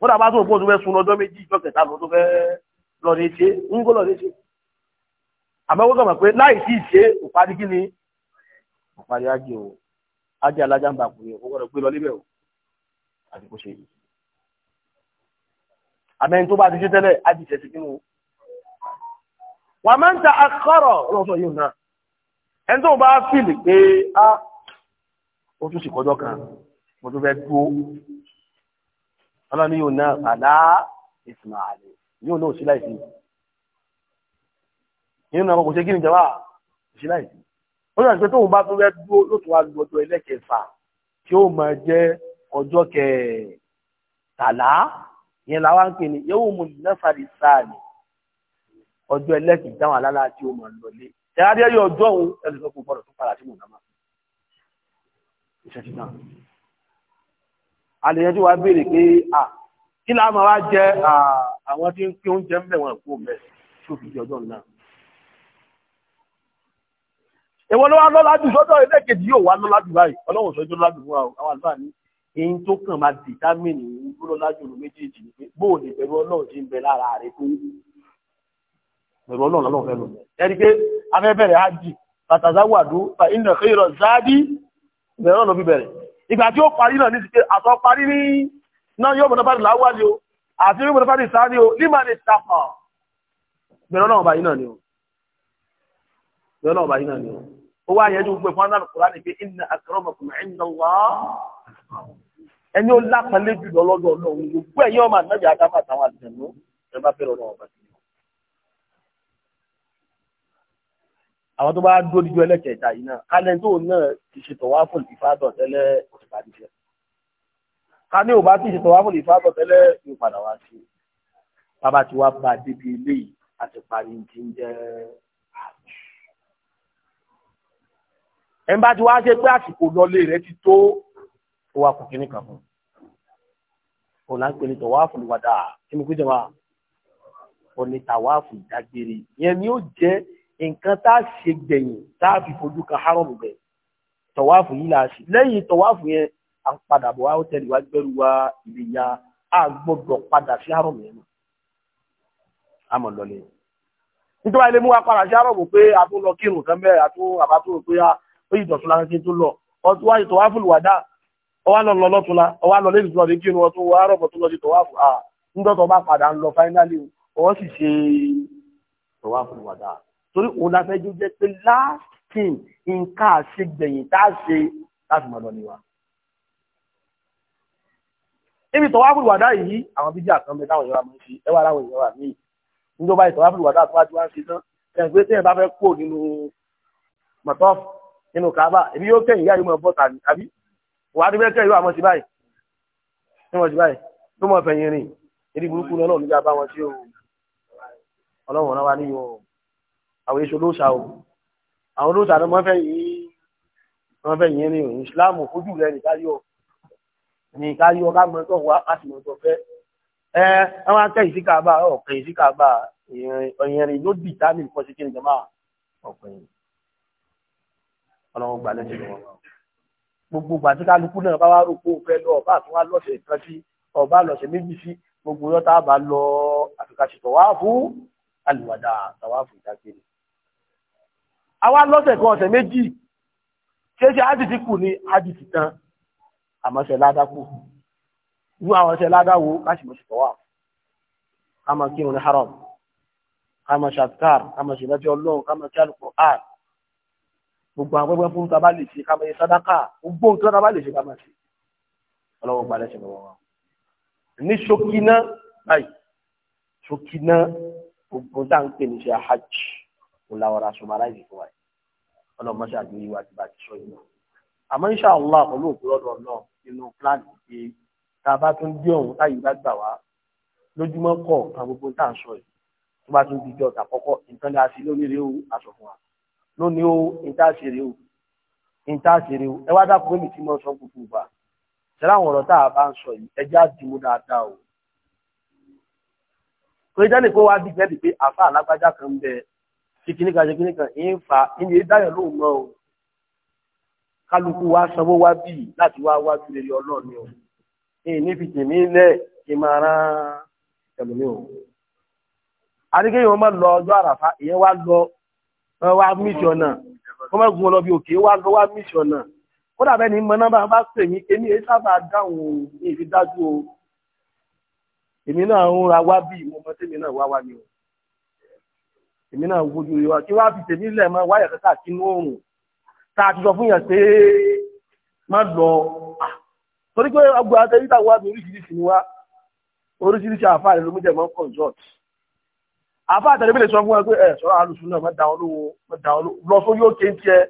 wọ́n dàbá tó fóònù fẹ́ sun ọjọ́ méjì ìjọ kẹta ló tó fẹ́ lọ ní ṣe ń kó lọ ní ṣe. àmọ́ wọ́n kàn mọ̀ pé láì sí ìṣe òparí kí ni òparí ajé o ajé alájà ń bà kú ni o gbọ́dọ̀ gbé lọ níbẹ̀ o àti kó ṣe yìí. àmẹ́ni tó bá ti ṣe tẹ́lẹ̀ á ti ṣẹ̀ sí kí o wà máa ń ta akọ́rọ̀ lọ́sọ̀ yóò náà ẹni tó bá fìlì pé a ó tún sì kọjọ́ kan mo tún fẹ́ dúó ọlọ́ni yóò náà àlá ìsìnàlẹ̀ yóò náà sílá ìsìn nínú àwọn kò ṣe kí ni jọba sílá ìsìn ó yàn pé tóun bá tún fẹ́ dúó ló wá lu ẹlẹ́kẹfà tí ó máa jẹ́ ọjọ́ kẹtàlá yẹn làwọn ń pè ní yóò mú nẹ́fà sáà ni ọjọ́ ẹlẹ́sìn táwọn alára tí ó máa lọ lé ẹ̀rádé yọ ọjọ́ òun ẹni sọ fún gbọ́dọ̀ tó padà sí mò náà ìṣẹ́jú náà alẹ́yẹjú wa béèrè pé à kí láà máa wá jẹ àwọn tí ń pín oúnjẹ ń bẹ̀ wọn kú mẹ́ tó fi di ọjọ́ náà èwo ló wá lọ́la jù sọ́dọ̀ ilé kejì yóò wá lọ́la jù báyìí ọlọ́run sọ ìjọba jù wá àwọn àlùfáà ní èyí tó kàn máa dìtámìnì lọ́la jù méjèèjì ni pé bóòlù pẹ̀lú ọlọ́run ń bẹ lára rẹ̀ tó bẹ̀rù ọlọ́run lọ́lọ́run fẹ́ lò ẹni pé afẹ́bẹ̀rẹ̀ hajj fatazawadu fa inna khayra zadi bẹ̀rù ọlọ́run fi bẹ̀rẹ̀ ìgbà tí ó parí náà ní ti pé àtọ́ parí ní náà yóò mọ̀nà fàdí láwálé o àti yóò mọ̀nà fàdí sáni o lima ni tapọ̀ bẹ̀rù ọlọ́run báyìí náà ni o bẹ̀rù ọlọ́run báyìí náà ni o ó wá yẹn ní gbogbo ẹ̀fọn náà kúrò ní pé inna akramakum inda Allah ẹni ó lápẹ́lẹ́ jù lọ lọ́dọ̀ ọlọ́run gbogbo ẹ̀yìn ọmọ àtàjà àtàwọn àtàwọn àtẹnú ẹ bá bẹ̀rù ọlọ́run báyìí àwọn tó bá dúró díjú ẹlẹ́kẹ̀ẹ́ta yìí náà kálẹ̀ tó náà ti ṣe tọ̀wáfò ìfádọ̀ tẹ́lẹ̀ òṣìbàdìṣẹ́ ká ní òbá tí ṣe tọ̀wáfò ìfádọ̀ tẹ́lẹ̀ yóò padà wá sí bàbá tí wàá bá débi eléyìí àti parí ti ń jẹ́ àjù ẹ̀ ń bá ti wá ṣe pé àsìkò lọlé rẹ ti tó ó wá kù kíní kan fún òun là pè ní tọ̀wáfò ìwádà kí ni kú jẹ́ wa òun ni tàwáfò ìdágbére ìyẹn ni ó jẹ́ nǹkan tá a ṣe gbẹ̀yìn tá a fi fojú kan haram gbẹ̀ tọ̀wáàfù yìí là ṣe lẹ́yìn tọ̀wáàfù yẹn à ń padà bọ̀ wá tẹ̀lé wá gbẹ́rù wá ìlẹ̀yà á gbọ́dọ̀ padà sí haram yẹn a mọ̀ lọlé nítorí ilé mú wa padà sí haram pé a tún lọ kírun kan bẹ́ẹ̀ a tún àbá tún rò pé ó yìí dọ̀tún lára kí n tún lọ ọtún wáyé tọ̀wáàfù lù wá dá ọwá lọ lọ lọ́tún la ọwá lọ lẹ́yìn tó lọ lé kírun ọtún wá rọ̀bọ̀ tó lọ sí tọ̀wáàfù à ń torí òun la fẹ́ jó jẹ́ pé last thing in nǹkan àṣegbẹ̀yìn tá a ṣe láti mọ̀ lọ ni wa. níbi tọ́wá fún ìwàdá yìí àwọn bíjì àkànbẹ táwọn ìyàwó máa ń fi ẹwà láwọn ìyàwó míì níjọba ìtọ́wá fún ìwàdá àtúwájú wá ń ṣe tán ẹ̀ pé téèyàn bá fẹ́ kó nínú mọ̀tọ́f nínú kaaba èmi yóò kẹ́yìn ìyá yìí mọ̀ bọ́ta ni àbí wàá dúpẹ́ kẹ́yìn ìwà àmọ́ ti báyìí ní wọ́n ti báyìí ló mọ̀ fẹ̀yìn rìn èdè burúkú lọ́lọ́ọ̀ nígbà bá wọn tí ó ọlọ́run ọ̀nà wa níyọ̀ ọ́ àwọn èso olóòṣà o àwọn olóòṣà ló mọ́fẹ́ yìí mọ́fẹ́ yìí ni Islam fojú rẹ̀ ní káyọ̀ ní káyọ̀ ká mọ́ tọ́wọ́ àtìmọ̀ tó fẹ́ ẹ àwọn akẹ́yìn sí kàbà ọ̀kẹ́yìn sí kàbà ìrìn ló dì tá ní nǹkan sí kí ni jọba ọ̀kẹ́yìn ọlọ́run gbà lẹ́sìn wọn gbogbo ìgbà tí kálukú náà bá wá rúkó fẹ́ lọ ọba àtúnwá lọ́sẹ̀ kan sí ọba lọ́sẹ̀ méjì sí gbogbo yọ́ta bá lọ àfikàṣetọ̀ wá fún àlùwàdà àtàwà fún ìdágbére àwa lọ́sẹ̀ kan ọ̀sẹ̀ méjì ṣé ṣe ájìtì kù ní ájìtì tán àmọ́ṣẹ́ ládá kù irú àwọn ọ̀ṣẹ́ ládá wo káṣìmọ̀ṣì tọ́ wà ká máa kírun ní haram ká máa ṣàtìkàr ká máa ṣèrántí àwọn pẹ́pẹ́ fún tá a bá lè ṣe ká máa yẹ sádákà gbogbo nǹkan tá a bá lè ṣe ká máa ṣe ọlọ́wọ́ gba lẹ́sẹ̀ lọ́wọ́ wa ní ṣókí náà báyìí ṣókí náà gbogbo táà ń pè ní ṣe hajj kò láwọra sọmọ aláìsí fún wa ọlọ́run mọ́ṣẹ́ àjò yìí wá ti bá ti sọ yìí lọ. àmọ́ insha Allah pẹ̀lú òkú lọ́dọ̀ náà nínú pílánì pé tá a bá tún dé ọ̀hún táyì bá gbà wá lójúmọ́ kọ̀ ká gbogbo tá à ń sọ yìí tó bá tún dijọ́ tàkọ́kọ́ nǹkan ni a ṣe lónìí rèé o aṣọ fún wa lónìí o nǹkan ṣe rèé o nǹkan o ẹ wá dákun pé mi ti mọ sọ gbogbo ìgbà ṣẹlẹ àwọn ọ̀rọ̀ tá a bá ń sọ yìí ẹ já di mú dáadáa o. pé jẹ́nì pé wá bí gbẹ́dì àfa alágbájá kan bẹ́ẹ̀ ṣe kíní kan ṣe kíní kan ń fa ìyẹn dáyọ̀ lóun mọ́ o kálukú wa sanwó wá bì láti wá wá bí lórí ọlọ́ọ̀ni o èyí ní fi tèmi lẹ̀ kí n máa rán ẹlòmí o. àdéhùn yìí wọ́n máa lọ ọjọ́ àràfá ìyẹn wá lọ wá mísọ̀ náà wọ́n máa gun lọ bí òkè wá lọ wá mísọ̀ náà kódà bẹ́ẹ̀ ni mọ́nà bá bá pè mí èmi èyí sábà dáhùn ní ìfi dájú o èmi náà ń ra wá bí mo mọ tèmi náà wá wá ni o èmi náà wojú ìwà tí wàá fi tèmi lẹ̀ mọ́ wáyà kẹ́kẹ́ àti inú oòrùn tá a ti sọ fún yàn pé má lọ torí pé ọgbà àtẹ̀yítà wa ní oríṣiríṣi ni wá oríṣiríṣi àfa rẹ̀ ló mú consult àfa àtẹ̀lẹ́bí lè sọ fún ẹ pé ẹ sọ̀rọ̀ alùsùn náà má da olówó má da olówó lọ sórí òkè ń tiẹ̀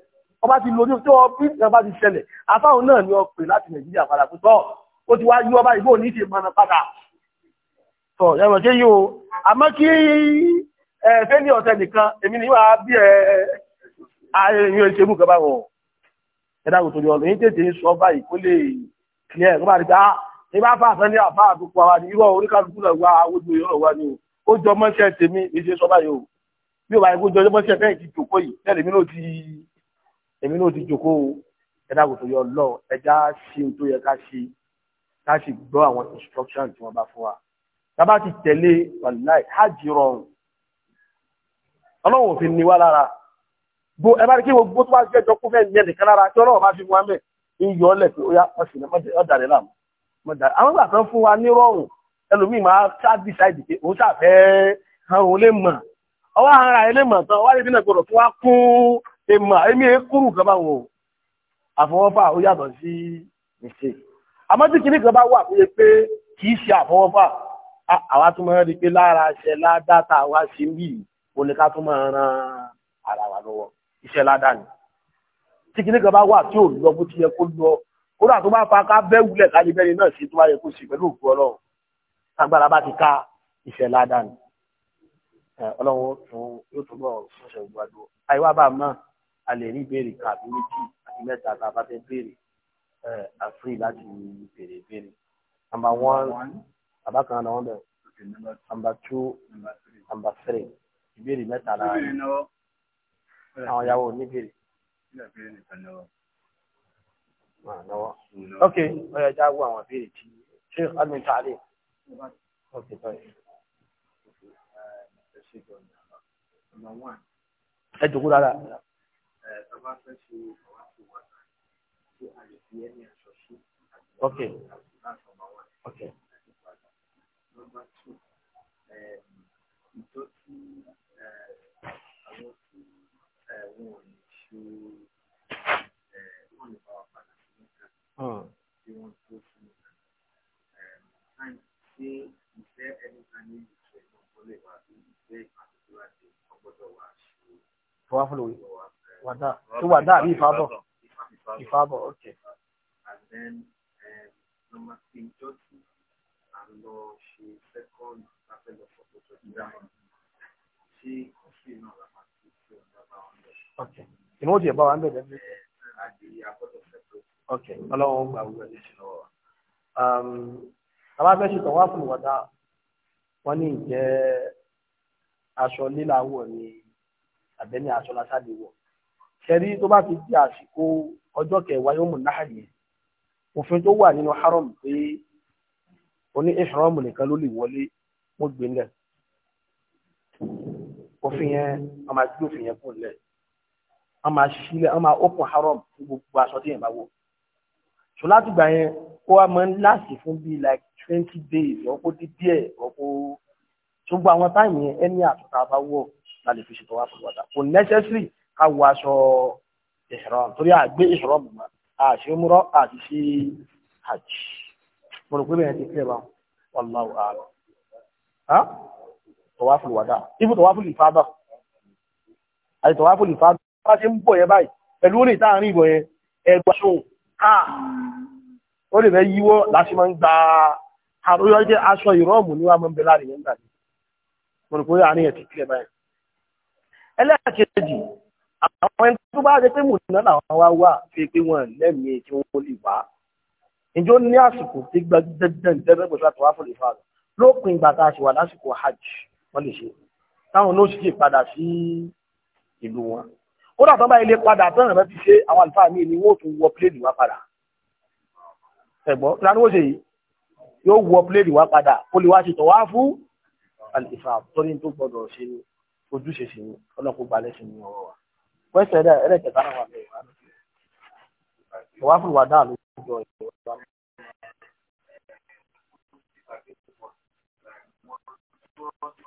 ọba ti lórí tí wọn bí ìjọba ti ṣẹlẹ̀ afáwọn náà ni ọpẹ láti nàìjíríà padà tó tọ ó ti wá yí ọba ìbò ní ti mọnà padà tọ yẹmọ ẹ̀ẹ́fẹ́ ní ọ̀sẹ̀ nìkan èmi ni wàá bí ẹ ayẹyẹ ìṣerú kan báwọn ẹ̀dàgùn tó ní ọ̀nà yìí tètè ń sọ báyìí kó lè clear ẹ̀kọ́ bá rí ká ní bá fà sẹ́ni àfà àdúgbò àwọn irọ́ oníkàlùkù náà wá ojú ìrọ̀ wá ni o ó jọ mọ́ṣẹ́ tèmi ìṣe sọ báyìí o bí o bá yẹ kó jọ mọ́ṣẹ́ fẹ́ẹ̀ ti jòkó yìí tẹ́lẹ̀ mi náà ti èmi náà ti jòkó o gbọ́ àwọn instruction tí wọ́n bá fún wa tá ti tẹ̀lé wàlúùláì hajj rọrùn ọlọ́run òfin ni wá lára bó ẹ bá rí kí gbogbo tó bá jẹ́ ìjọ kó fẹ́ yẹ nìkan lára kí ọlọ́run bá fi wọn mẹ́ ń yọ ọ́lẹ̀ pé ó yá ọ̀sìn ọ̀dàrẹ́ làmú ọ̀dàrẹ́ àwọn ìgbà kan fún wa ní rọrùn ẹlòmíì máa ṣá dísáìdì pé òun ṣàfẹ́ àwọn olè mọ̀ ọwọ́ àwọn ó ní ká tún máa ran ara wa lọ́wọ́ iṣẹ́ ládàá ni tí kinní kan bá wà tí ò lọ bó ti yẹ kó lọ kódà tó bá fa ká bẹ́ wulẹ̀ ká níbẹ̀ ni náà sí tó bá yẹ kó sì pẹ̀lú òkú ọlọ́run tágbára bá ti ká iṣẹ́ ládàá ni ọlọ́run tún yóò tún bọ̀ ṣọṣẹ́ gbàdúrà àìwá bá mọ́ a lè rí ìbéèrè kàbí méjì àti mẹ́ta tá a bá fẹ́ béèrè àfírí láti béèrè béèrè number one bàbá kan náà wọ́n bẹ̀ number two number three ìbéèrè mẹ́ta lára àwọn ìyàwó oníbèrè. ok ọyọ ajá wo àwọn ìbéèrè tí ṣé admin ta ok báyìí. ẹ dùkú dára. ok ok wọn ò ní ṣe wọn ò ní bá wa padà sí nǹkan tí wọ́n tó fún mi náà ṣé ìfẹ́ wàdà tó wàdà àbí ìfàbọ̀ ìfàbọ̀ okay. and then um, number lọ fọ́tò tó ti dáhùn ṣé kọ́fì náà ìmọ̀ òdì ẹ̀bá wa ń bẹ̀rẹ̀ ní. ok ọlọ́run gba owó ẹ̀jẹ̀ sí lọ́wọ́. àbá um, fẹ́ ṣe tọ̀wá fún ìwọ̀dà wọ́n ní ìjẹ́ aṣọ líla wọ̀ ní àbẹ́ni aṣọ lásàdé wọ̀. ṣẹ́rí tó bá fi di àsìkò ọjọ́ kẹwàá yóò mú náà yẹn òfin tó wà nínú haram pé oní ìṣòro nìkan ló lè wọlé wọ́n òfin yẹn wọ́n máa gbé òfin yẹn kún lẹ̀ wọ́n máa sílẹ̀ wọ́n máa open haram fún gbogbo aṣọ tí yẹn bá so láti gbà yẹn ó wá máa ń láàsì fún bíi like twenty days ọkọ di díẹ̀ ọkọ ṣùgbọ́n àwọn táìmù yẹn ẹni àtúntà bá wọ̀ la lè fi ṣètò wá fún wàdà kò necessary ká wọ aṣọ ihram torí àgbé ihram mọ́ àṣemúrọ́ àti ṣe hajj mo rò pé bẹ́ẹ̀ ti clear bá wọn wallahu a'lam tọwáfù wàdà ibi tọwáfù lè fádà àti tọwáfù lè fádà bá ṣe ń bọ̀ yẹn báyìí pẹ̀lú orí ìtaàrin ìbọ̀ yẹn ẹgbà ṣòun káà ó lè fẹ́ yíwọ́ láti máa ń gba àróyọ́ jẹ́ aṣọ ìrọ́ọ̀mù ní wàá máa ń bẹ láàrin yẹn gbàdé mo rò pé àárín ẹ̀ ti kílẹ̀ báyìí ẹlẹ́ẹ̀kejì àwọn ẹni tó bá jẹ́ pé mùsùlùmí làwọn wá wà fi pé wọn lẹ́mìí tí wọ́n lè wá ìjọ lásìkò hajj wọ́n lè ṣe táwọn náà sì ṣe padà sí ìlú wọn kódà tó bá ilé padà tó rẹ̀ ti ṣe àwọn àlùfáà mi ni wọ́n tún wọ pléèdì wá padà ẹ̀gbọ́n kí ló ṣe yìí yóò wọ pléèdì wá padà kó lè wá ṣe tọ̀wá fún àlìfà torí tó gbọdọ̀ ṣe ojúṣe sí ni ọlọ́kùn gbalẹ̀ sí ni ọ̀rọ̀ wa pẹ́sẹ̀ ẹ̀rẹ́ kẹta náà wà bẹ́ẹ̀ wá tọ̀wá fún wàdà Thank you.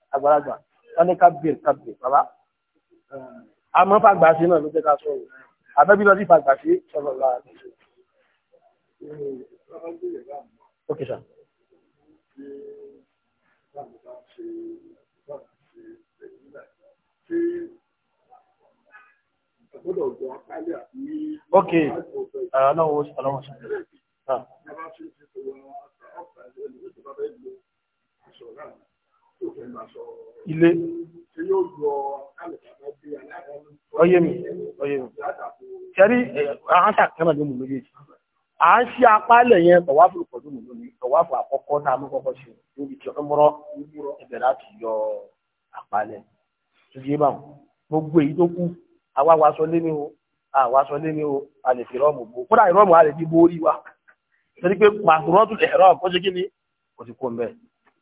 àgbàlagbà wọ́n ní kábíyè kábíyè bàbá àmọ́ fàgbàsí náà ló jẹ́ ká sọ̀rọ̀ àbẹ́bí lọ sí fàgbàsí sọ̀rọ̀ lọ́wọ́ Okay, sir. Okay. Ọlọ́run ó sì ọlọ́run sí. Ah ilé ọyẹ mi ọyẹ mi ṣẹ́rí àáṣà kẹ́nà ló mú méjèèjì A ń ṣe apálẹ̀ yẹn tọ̀wáfù pọ̀jù mú lónìí tọ̀wáfù àkọ́kọ́ náà ló kọ́kọ́ ṣe níbi tí ọmọrọ ẹ̀bẹ̀ láti yọ apálẹ̀ ṣùgbọ́n bá wọn gbogbo èyí tó kù àwa wa sọ lémi o àwa sọ lémi o a lè fi rọ́ọ̀mù bò kódà ìrọ́ọ̀mù a lè fi bóórí wa torí pé pàṣẹ rọ́ọ̀tù ẹ̀rọ kó ṣe kí ni kò ti kó ń bẹ́ẹ̀.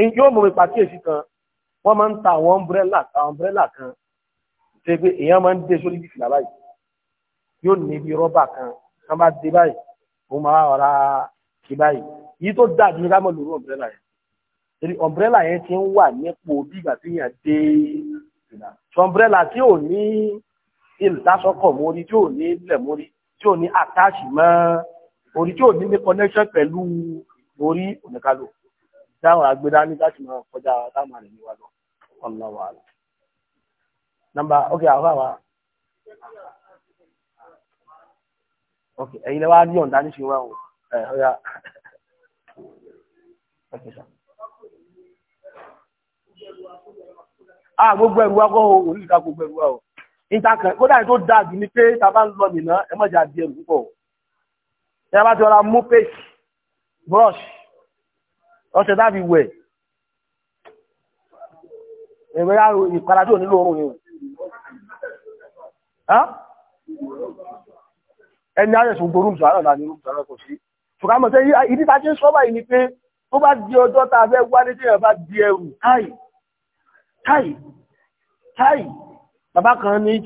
èyí yóò mú mi pàkíyèsí kan wọ́n máa ń ta àwọn umbrella àwọn umbrella kan ṣe pé èèyàn máa ń dé sórí bí fìlà báyìí yóò ní bí rọ́bà kan kan bá dé báyìí ó máa ọ̀rá ṣe báyìí yìí tó dáa ju ká mọ̀ lórí umbrella yẹn torí umbrella yẹn ti ń wà nípò bí ìgbà tí èèyàn dé fìlà ṣọ umbrella tí ò ní ìlàsọ́kọ̀ mórí tí ò ní ilẹ̀ mórí tí ò ní àtàṣì mọ́ orí tí ò ní ní connection pẹ̀lú orí oníkálò táwọn agbẹ́dání láti máa kọjá táwọn rẹ̀ níwá lọ ọlọ́wà rẹ̀. nọmba ok àwọn àwa ok ẹ̀yin lẹ́wọ́ ní ọ̀dá ní ṣìwọ́n o ẹ̀ ọ̀yà ok sọ. a gbogbo ẹrù wa kọ́ o gbogbo ẹrù wa o ìtàkàn kódà tó dáa ní pé tá bá ń lọ mìíràn ẹ mọ̀jà di púpọ̀ ẹ bá ti rọra mú pèsè brush ọṣẹ dábì wẹ̀ ẹ̀wẹ̀ ìpara tí ò nílò oorun yìí ẹni ààrẹ ṣùgbọ́n rúùmù sàárọ̀ náà ni rúùmù sàárọ̀ kò sí ṣùgbọ́n sẹ́yí ìdí ta ṣe ń sọ́bà yìí ni pé tó bá di ọjọ́ ta fẹ́ wálé tí ẹ̀rọ bá di ẹrù táì táì táì bàbá kan ní 2023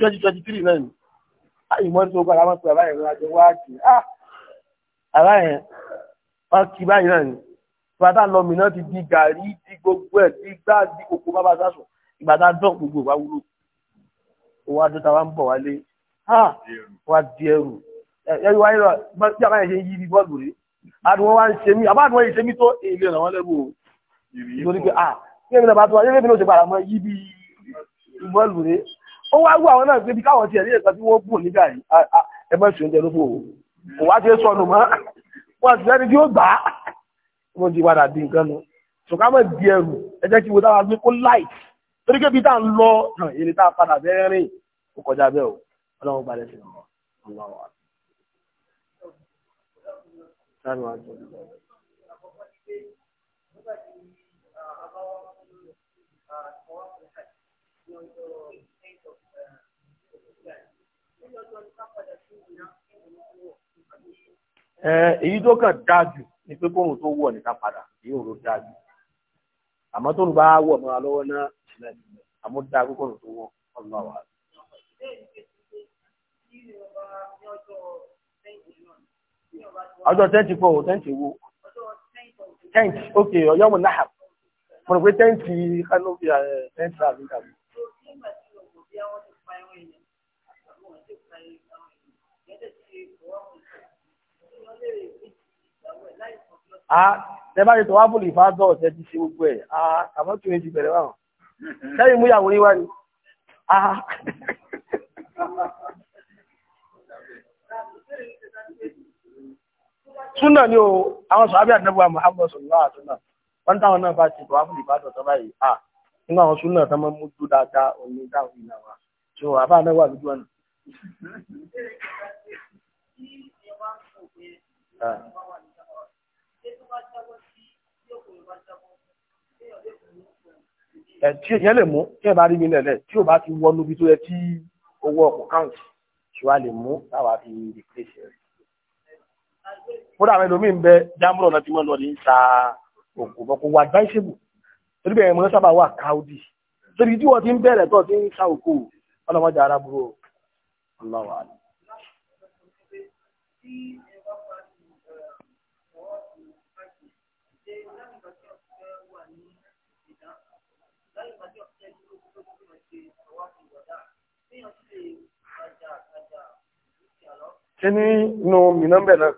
náà ni ìmọ̀ tó gbára mọ́ pé àbáyẹ̀ rẹ̀ àjọ wáàkì ìgbàdá lọ mìíràn ti di gàrí di gbogbo ẹ̀ di gbá di kòkó bábá sásùn ìgbàdá dán gbogbo wa wúlò ó wá dọ́ta wá ń bọ̀ wálé ha wá di ẹrù ẹ̀yọ́ wáyé rọ̀ bí àwọn ẹ̀ṣẹ̀ yí di bọ́ọ̀lù rí àdùnwọ́n wá ń ṣe mí àbá àdùnwọ́n yìí ṣe mí tó èlé ọ̀nà wọn lẹ́bù o pé ah kí èmi náà bá tó wá yẹ́rẹ́ mi náà ṣe padà mọ́ yí bí bọ́ọ̀lù rí ó wá wú àwọn náà pébi káwọn tiẹ̀ ní ẹ̀ka tí wọ́n bù ní gàrí ẹ̀mọ́ ìṣòwò jẹ́ ló fò ó wá ti sọnù mọ́ wọ́n ti sẹ́ni tí mo ti padà di nǹkan nu ṣùgbọ́n mọ̀ di ẹrù ẹ jẹ́ kí wo táwa gbé kó light torí pé bí tá à ń lọ èrè tá a padà bẹ́ẹ̀ rìn ó kọjá bẹ́ẹ̀ o ọlọ́run balẹ̀ sí ọmọ ọlọ́run wa. èyí tó kàn dáa ni pé kóòrùn tó wọ̀ níta padà èyí ò ló dáa jù àmọ́ tóòrùn bá wọ̀ mọ́ra lọ́wọ́ náà ìṣẹ̀lẹ̀ ìgbẹ́ àmọ́ dáa pé kóòrùn tó wọ̀ ọlọ́wà. ọjọ́ tẹ́ǹtì fún òun tẹ́ǹtì wo tẹ́ǹtì ok ọ̀yọ́ mu náà mo rò pé tẹ́ǹtì kánófì tẹ́ǹtì àbí kàbí. Thank you a ah, tẹ́bá ṣe tọ́wá bùlì fádọ́ ọ̀sẹ̀ ti ṣe gbogbo ẹ̀ a ah, àmọ́ tí wọ́n ti bẹ̀rẹ̀ wà wọ́n mú ìyàwó yín ni a. Ah. súnà ni o àwọn sàábì àdínàbọ̀ Muhammad sallallahu tí èyàn lè mú tí ẹ bá rí mi lẹ̀lẹ̀ tí o bá ti wọnú ibi tó yẹ tí owó ọkọ̀ káùntì tí wàá lè mú táwa fi replace rẹ̀. fúnra àwọn ẹlòmíín bẹ jámúrọ̀ náà ti mọ́ lọ ní ta òkú bọ́ kò wà advisable torí bẹ́ẹ̀ mọ́ sábà wà káùdì torí tí wọ́n ti ń bẹ̀rẹ̀ tó ti ń sa òkú ọlọ́mọdé arábúrò ọlọ́wàá. kí ni inú mìíràn bẹ̀ náà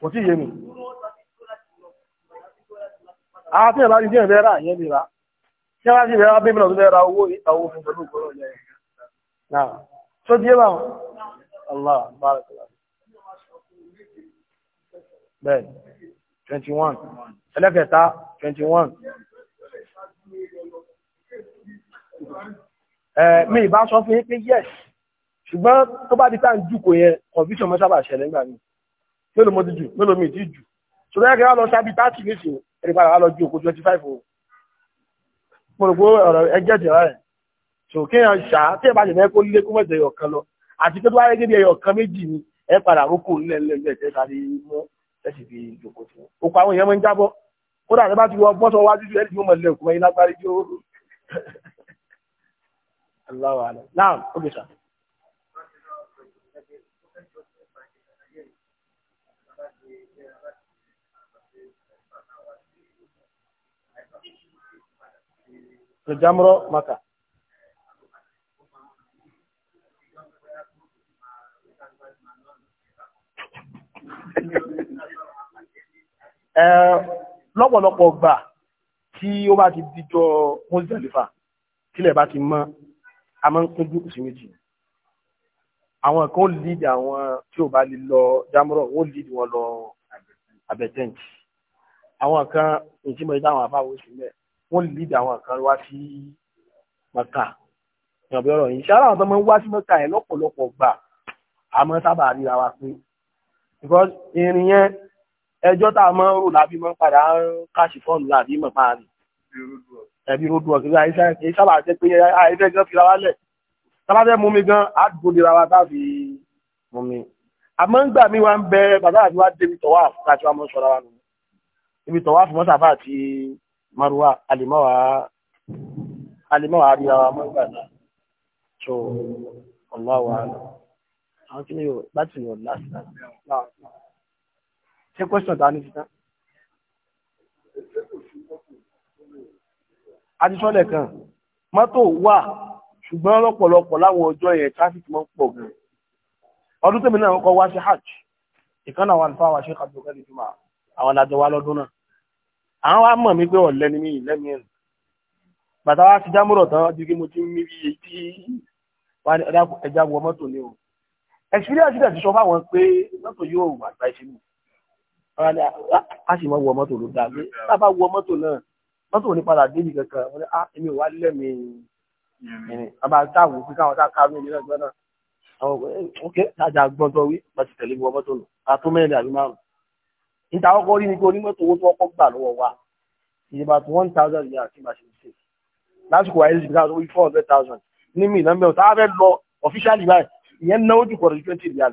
kò tí yé mi àti ìrà ìdí ẹ̀rẹ́ rà yẹn lè rà tí wọ́n ti rẹ̀ rà bíbí náà tó lẹ́ra owó ìtàwó fún pẹ̀lú ìgbọ́rọ̀ ilẹ̀ náà tó díẹ̀ bá Allah barakallah bẹ́ẹ̀ 21 ẹlẹ́kẹta 21 mi ìbá sọ fún yín yes ṣùgbọ́n tó bá di tá à ń jùkò yẹn confusion mọ́ sábà ṣẹlẹ̀ nígbà mi mélòó mo ti jù mélòó mi ti jù ṣùgbọ́n yẹn kí wọ́n lọ sábì táàtì nísìnyí ẹni padà lọ ju òkú twenty five o mo rò pé ọ̀rọ̀ ẹjẹ́ jẹ̀ rẹ̀ so kí èèyàn ṣá tí ẹ bá jẹ̀ mẹ́kó kó mẹ́tẹ̀ ẹ̀yọ̀kan ni ẹ padà ó kò nílẹ̀ nílẹ̀ nílẹ̀ tẹ́sàrí mú tẹ́sì fi jòkó tó òkú àwọn èèyàn máa ń jábọ́ kódà tẹ́ bá ti wọ bọ́sọ̀ aláwọ̀ àlọ́ náà ó lè sà. jamro maka lọ́pọ̀lọpọ̀ gbà tí ó bá ti dijọ́ Muzdalifa tílẹ̀ bá ti mọ́ a máa ń pínjú sí méjì àwọn kan lead àwọn tí ò bá lè lọ jámọ́rọ̀ wọ́n lead wọn lọ abẹ́tẹ́ǹtì àwọn kan èyí mọ̀ ìdáhùn àbáwọ̀ sílẹ̀ wọ́n lead àwọn kan wá sí maka ìyànbí ọ̀rọ̀ yìí ṣáà àwọn tó máa ń wá sí maka ẹ̀ lọ́pọ̀lọpọ̀ gbà a máa sábà ríra wa pé because irin yẹn ẹjọ́ tá a máa ń rò lábí máa ń padà ń káṣí fọ́ọ̀nù láàbí mọ̀ pa rè ẹbí road work ní àìsàn èyí sábà jẹ́ pé àìsàn gan fi ra wa lẹ̀ sábà fẹ́ mú mi gan á dúró de a fi mú mi àmọ́ ń gbà mí wá ń bẹ bàbá àti wá débi tọ́wọ́ àfúkà tí wọ́n mọ̀ sọ́ra wa nù ibi tọ́wọ́ àfúmọ́ sàfà àti maruwa àlèmọ́wà àlèmọ́wà àríra wa mọ́ ìgbà náà so ọlọ́wà àwọn kí ni yóò bá yọ̀ láti náà question ta ni adisọ́lẹ̀ kan mọ́tò wà ṣùgbọ́n lọ́pọ̀lọpọ̀ láwọn ọjọ́ yẹn traffic máa ń pọ̀ gan ọdún tèmi náà kọ́ wá sí hajj ìkan náà wà ní fáwọn àṣẹ kàdùn kẹ́lì jùmọ̀ àwọn adájọ́ wa lọ́dún náà àwọn wa mọ̀ mí pé ọ̀lẹ́ ni mí lẹ́mí ẹ̀rù bàtà wa ti jámúrọ̀ tán ju kí mo ti mí bí etí wa o experience dẹ̀ ti sọ fáwọn pé mọ́tò yóò wà gbà ìṣẹ́lú ah, a sì máa wọ mọ́tò ló dáa pé tá a bá wọ mọ́tò ò ní padà débi kankan wọ́n ní á ah, èmi ò wá lẹ́mìí ìrìn àbá táwọn òfin káwọn tá ká náà àwọn ọkọ̀ ókè tájà gbọ́dọ̀ wí bá tẹ̀lé wọn mọ́tò nù àtó mẹ́rin àbí márùn níta ọkọ̀ rí ni pé onímọ̀tò owó tó ọkọ̀ gbà lọ́wọ́ wa ìyẹ̀bà tó one thousand yàrá tí màá ṣe ṣe lásìkò wáyé ṣe káwọn wí four hundred thousand ní mí ìlànà táwọn fẹ́ lọ officially báyìí ìyẹn náwó twenty riyal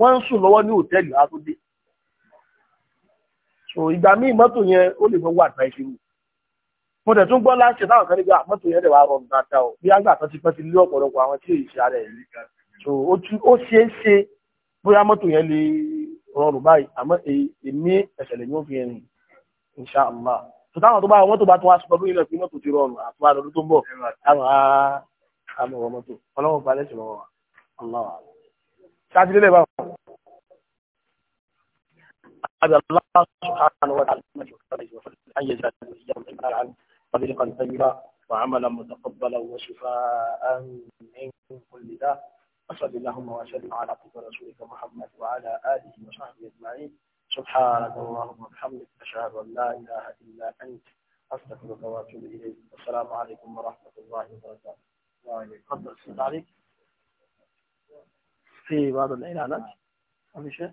wọ́n ń sùn lọ́wọ́ ní hòtẹ́ẹ̀lì àtúndé so ìgbà míì mọ́tò yẹn ó lè mọ́wọ́ àtà ìṣirò mo tẹ̀ tún gbọ́ láti ṣe táwọn kan níbi àmọ́tò yẹn lẹ́wà rọrùn dáadáa o bí àgbà kan ti pẹ́ ti lé ọ̀pọ̀lọpọ̀ àwọn tí èyí ṣe ara ẹ̀ so ó ṣeé ṣe bóyá mọ́tò yẹn lè rọrùn báyìí àmọ́ èmi ẹ̀ṣẹ̀lẹ̀ ni ó fi ẹ̀rìn inṣàlá tó táwọn tó bá wọn mọ́tò bá tún wá sọ lórí ilẹ̀ pé mọ́tò ti rọrùn àtúwá lọ́dún tó ń bọ̀ àwọn àmọ̀ mọ́tò ọlọ́wọ́ balẹ̀ ṣe lọ́wọ́ aláwọ̀ ṣáàtì lélẹ̀ báwọn هذا الله سبحانه وتعالى أن يجعل إياهم إيمانا عن طريقا طيبا وعملا متقبلا وشفاء من كل داء أسأل اللهم وأسلم على عبدك ورسولك محمد وعلى آله وصحبه أجمعين سبحانك اللهم وبحمدك أشهد أن لا إله إلا أنت أستغفرك وأتوب إليك السلام عليكم ورحمة الله وبركاته وعليكم تفضل عليك في بعض الإعلانات أو شيء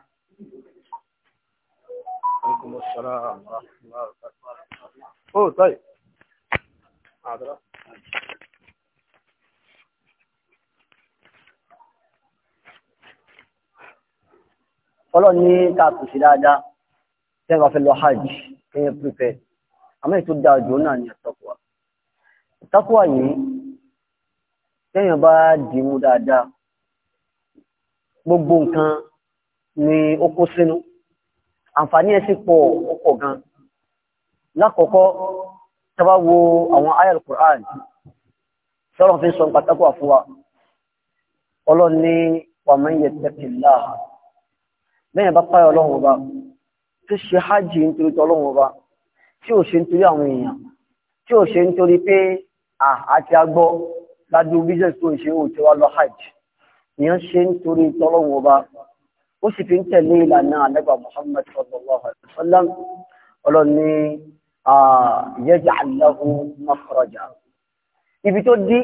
عليكم السلام ورحمة الله وبركاته أوه طيب حاضر ọlọ́run ní káàkù sí dáadáa tẹ́gbà fẹ́ lọ hajj kéèyàn prepare àmọ́ ètò dáa jù náà ni àtọ́kùwà àtọ́kùwà yìí tẹ́yàn bá dìímú dáadáa gbogbo nǹkan ni ó kó sínú àǹfààní ẹ̀ sì pọ̀ gan lákọ̀ọ́kọ́ tàbá wo àwọn ayal Qur'an sọ́rọ̀ fi sọ pàtàkì wà ọlọ́run ní wa man yattaqillah bá páyọ̀ ọlọ́run ọba tó ṣe hajj nítorí ọba tí ò ṣe nítorí àwọn èèyàn tí ò ṣe nítorí pé àti agbọ́ lájú business tó ń ṣe hajj ìyẹn ṣe nítorí ọba ó sì fi ń tẹ̀lé ìlànà àlẹ́gbà Muhammad sallallahu alaihi wasallam ọlọ́ni yaj'al lahu makhraja ibi tó dí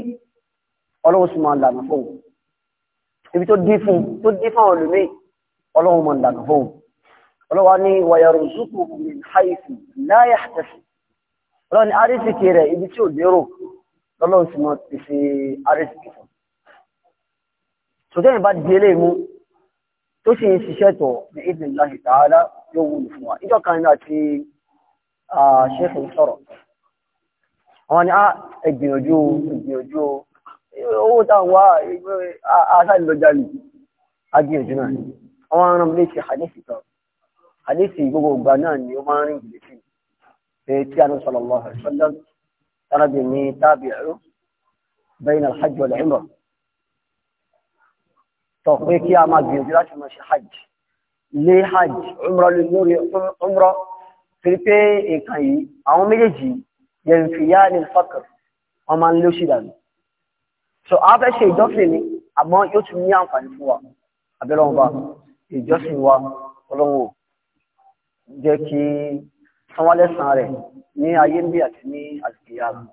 ọlọ́run sì máa lànà fóun ibi tó dí fún tó dí fún olùmí ọlọ́run máa lànà fóun ọlọ́wà ní wa yarzuquhu min haythu la yahtasib ọlọ́ni àrísìkì rẹ̀ ibi tí ò lérò lọ́lọ́run sì máa pèsè àrísìkì fún tòtẹ́yìn bá di eléyìí mú tó sì ń ṣiṣẹ́ tọ̀ ní idhnillahi ta'ala yóò wúlò fún wa ìjọ kan náà ti ṣéèkì sọ̀rọ̀ àwọn ni ẹgbìyànjú ẹgbìyànjú owó táwọn wá aṣáàlélọ́jàlì agbìyànjú náà ni àwọn ará mi ṣe hadisi kan hadisi gbogbo ìgbà náà ni ó máa ń rìn jìlẹ̀ sí tí a ní sallallahu alaihi wasallam tábìlì ní tabi'u bayna al-hajj wal-umrah tọ̀ pé kí a máa gbìyànjú láti máa ṣe hajj lé hajj umrọ lórí umrọ torí pé nǹkan yìí àwọn méjèèjì yẹn fi yá ní fọkàn wọn máa ń lé oṣù dànù so a fẹ́ ṣe ìjọsìn ni àmọ́ yóò tún ní àǹfààní fún wa abẹ́rẹ́ wọn bá ìjọsìn wa ọlọ́wọ́ jẹ́ kí sanwó-alẹ́sàn rẹ̀ ní ayé bí àti ní àlùkìyàmù.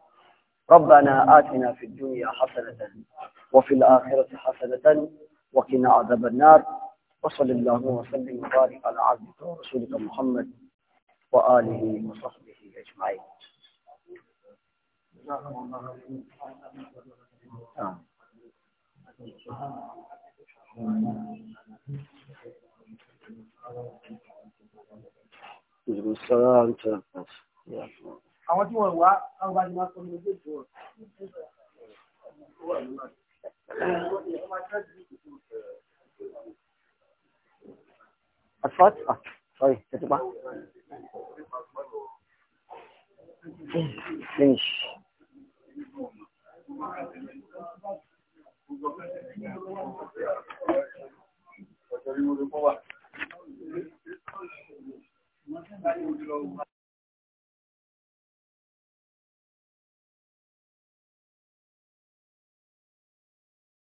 ربنا آتنا في الدنيا حسنة وفي الآخرة حسنة وقنا عذاب النار وصلى الله وسلم وبارك على عبدك ورسولك محمد وآله وصحبه أجمعين نعم. السلام عليكم الفاتحة طيب تتبع فينش Thank you.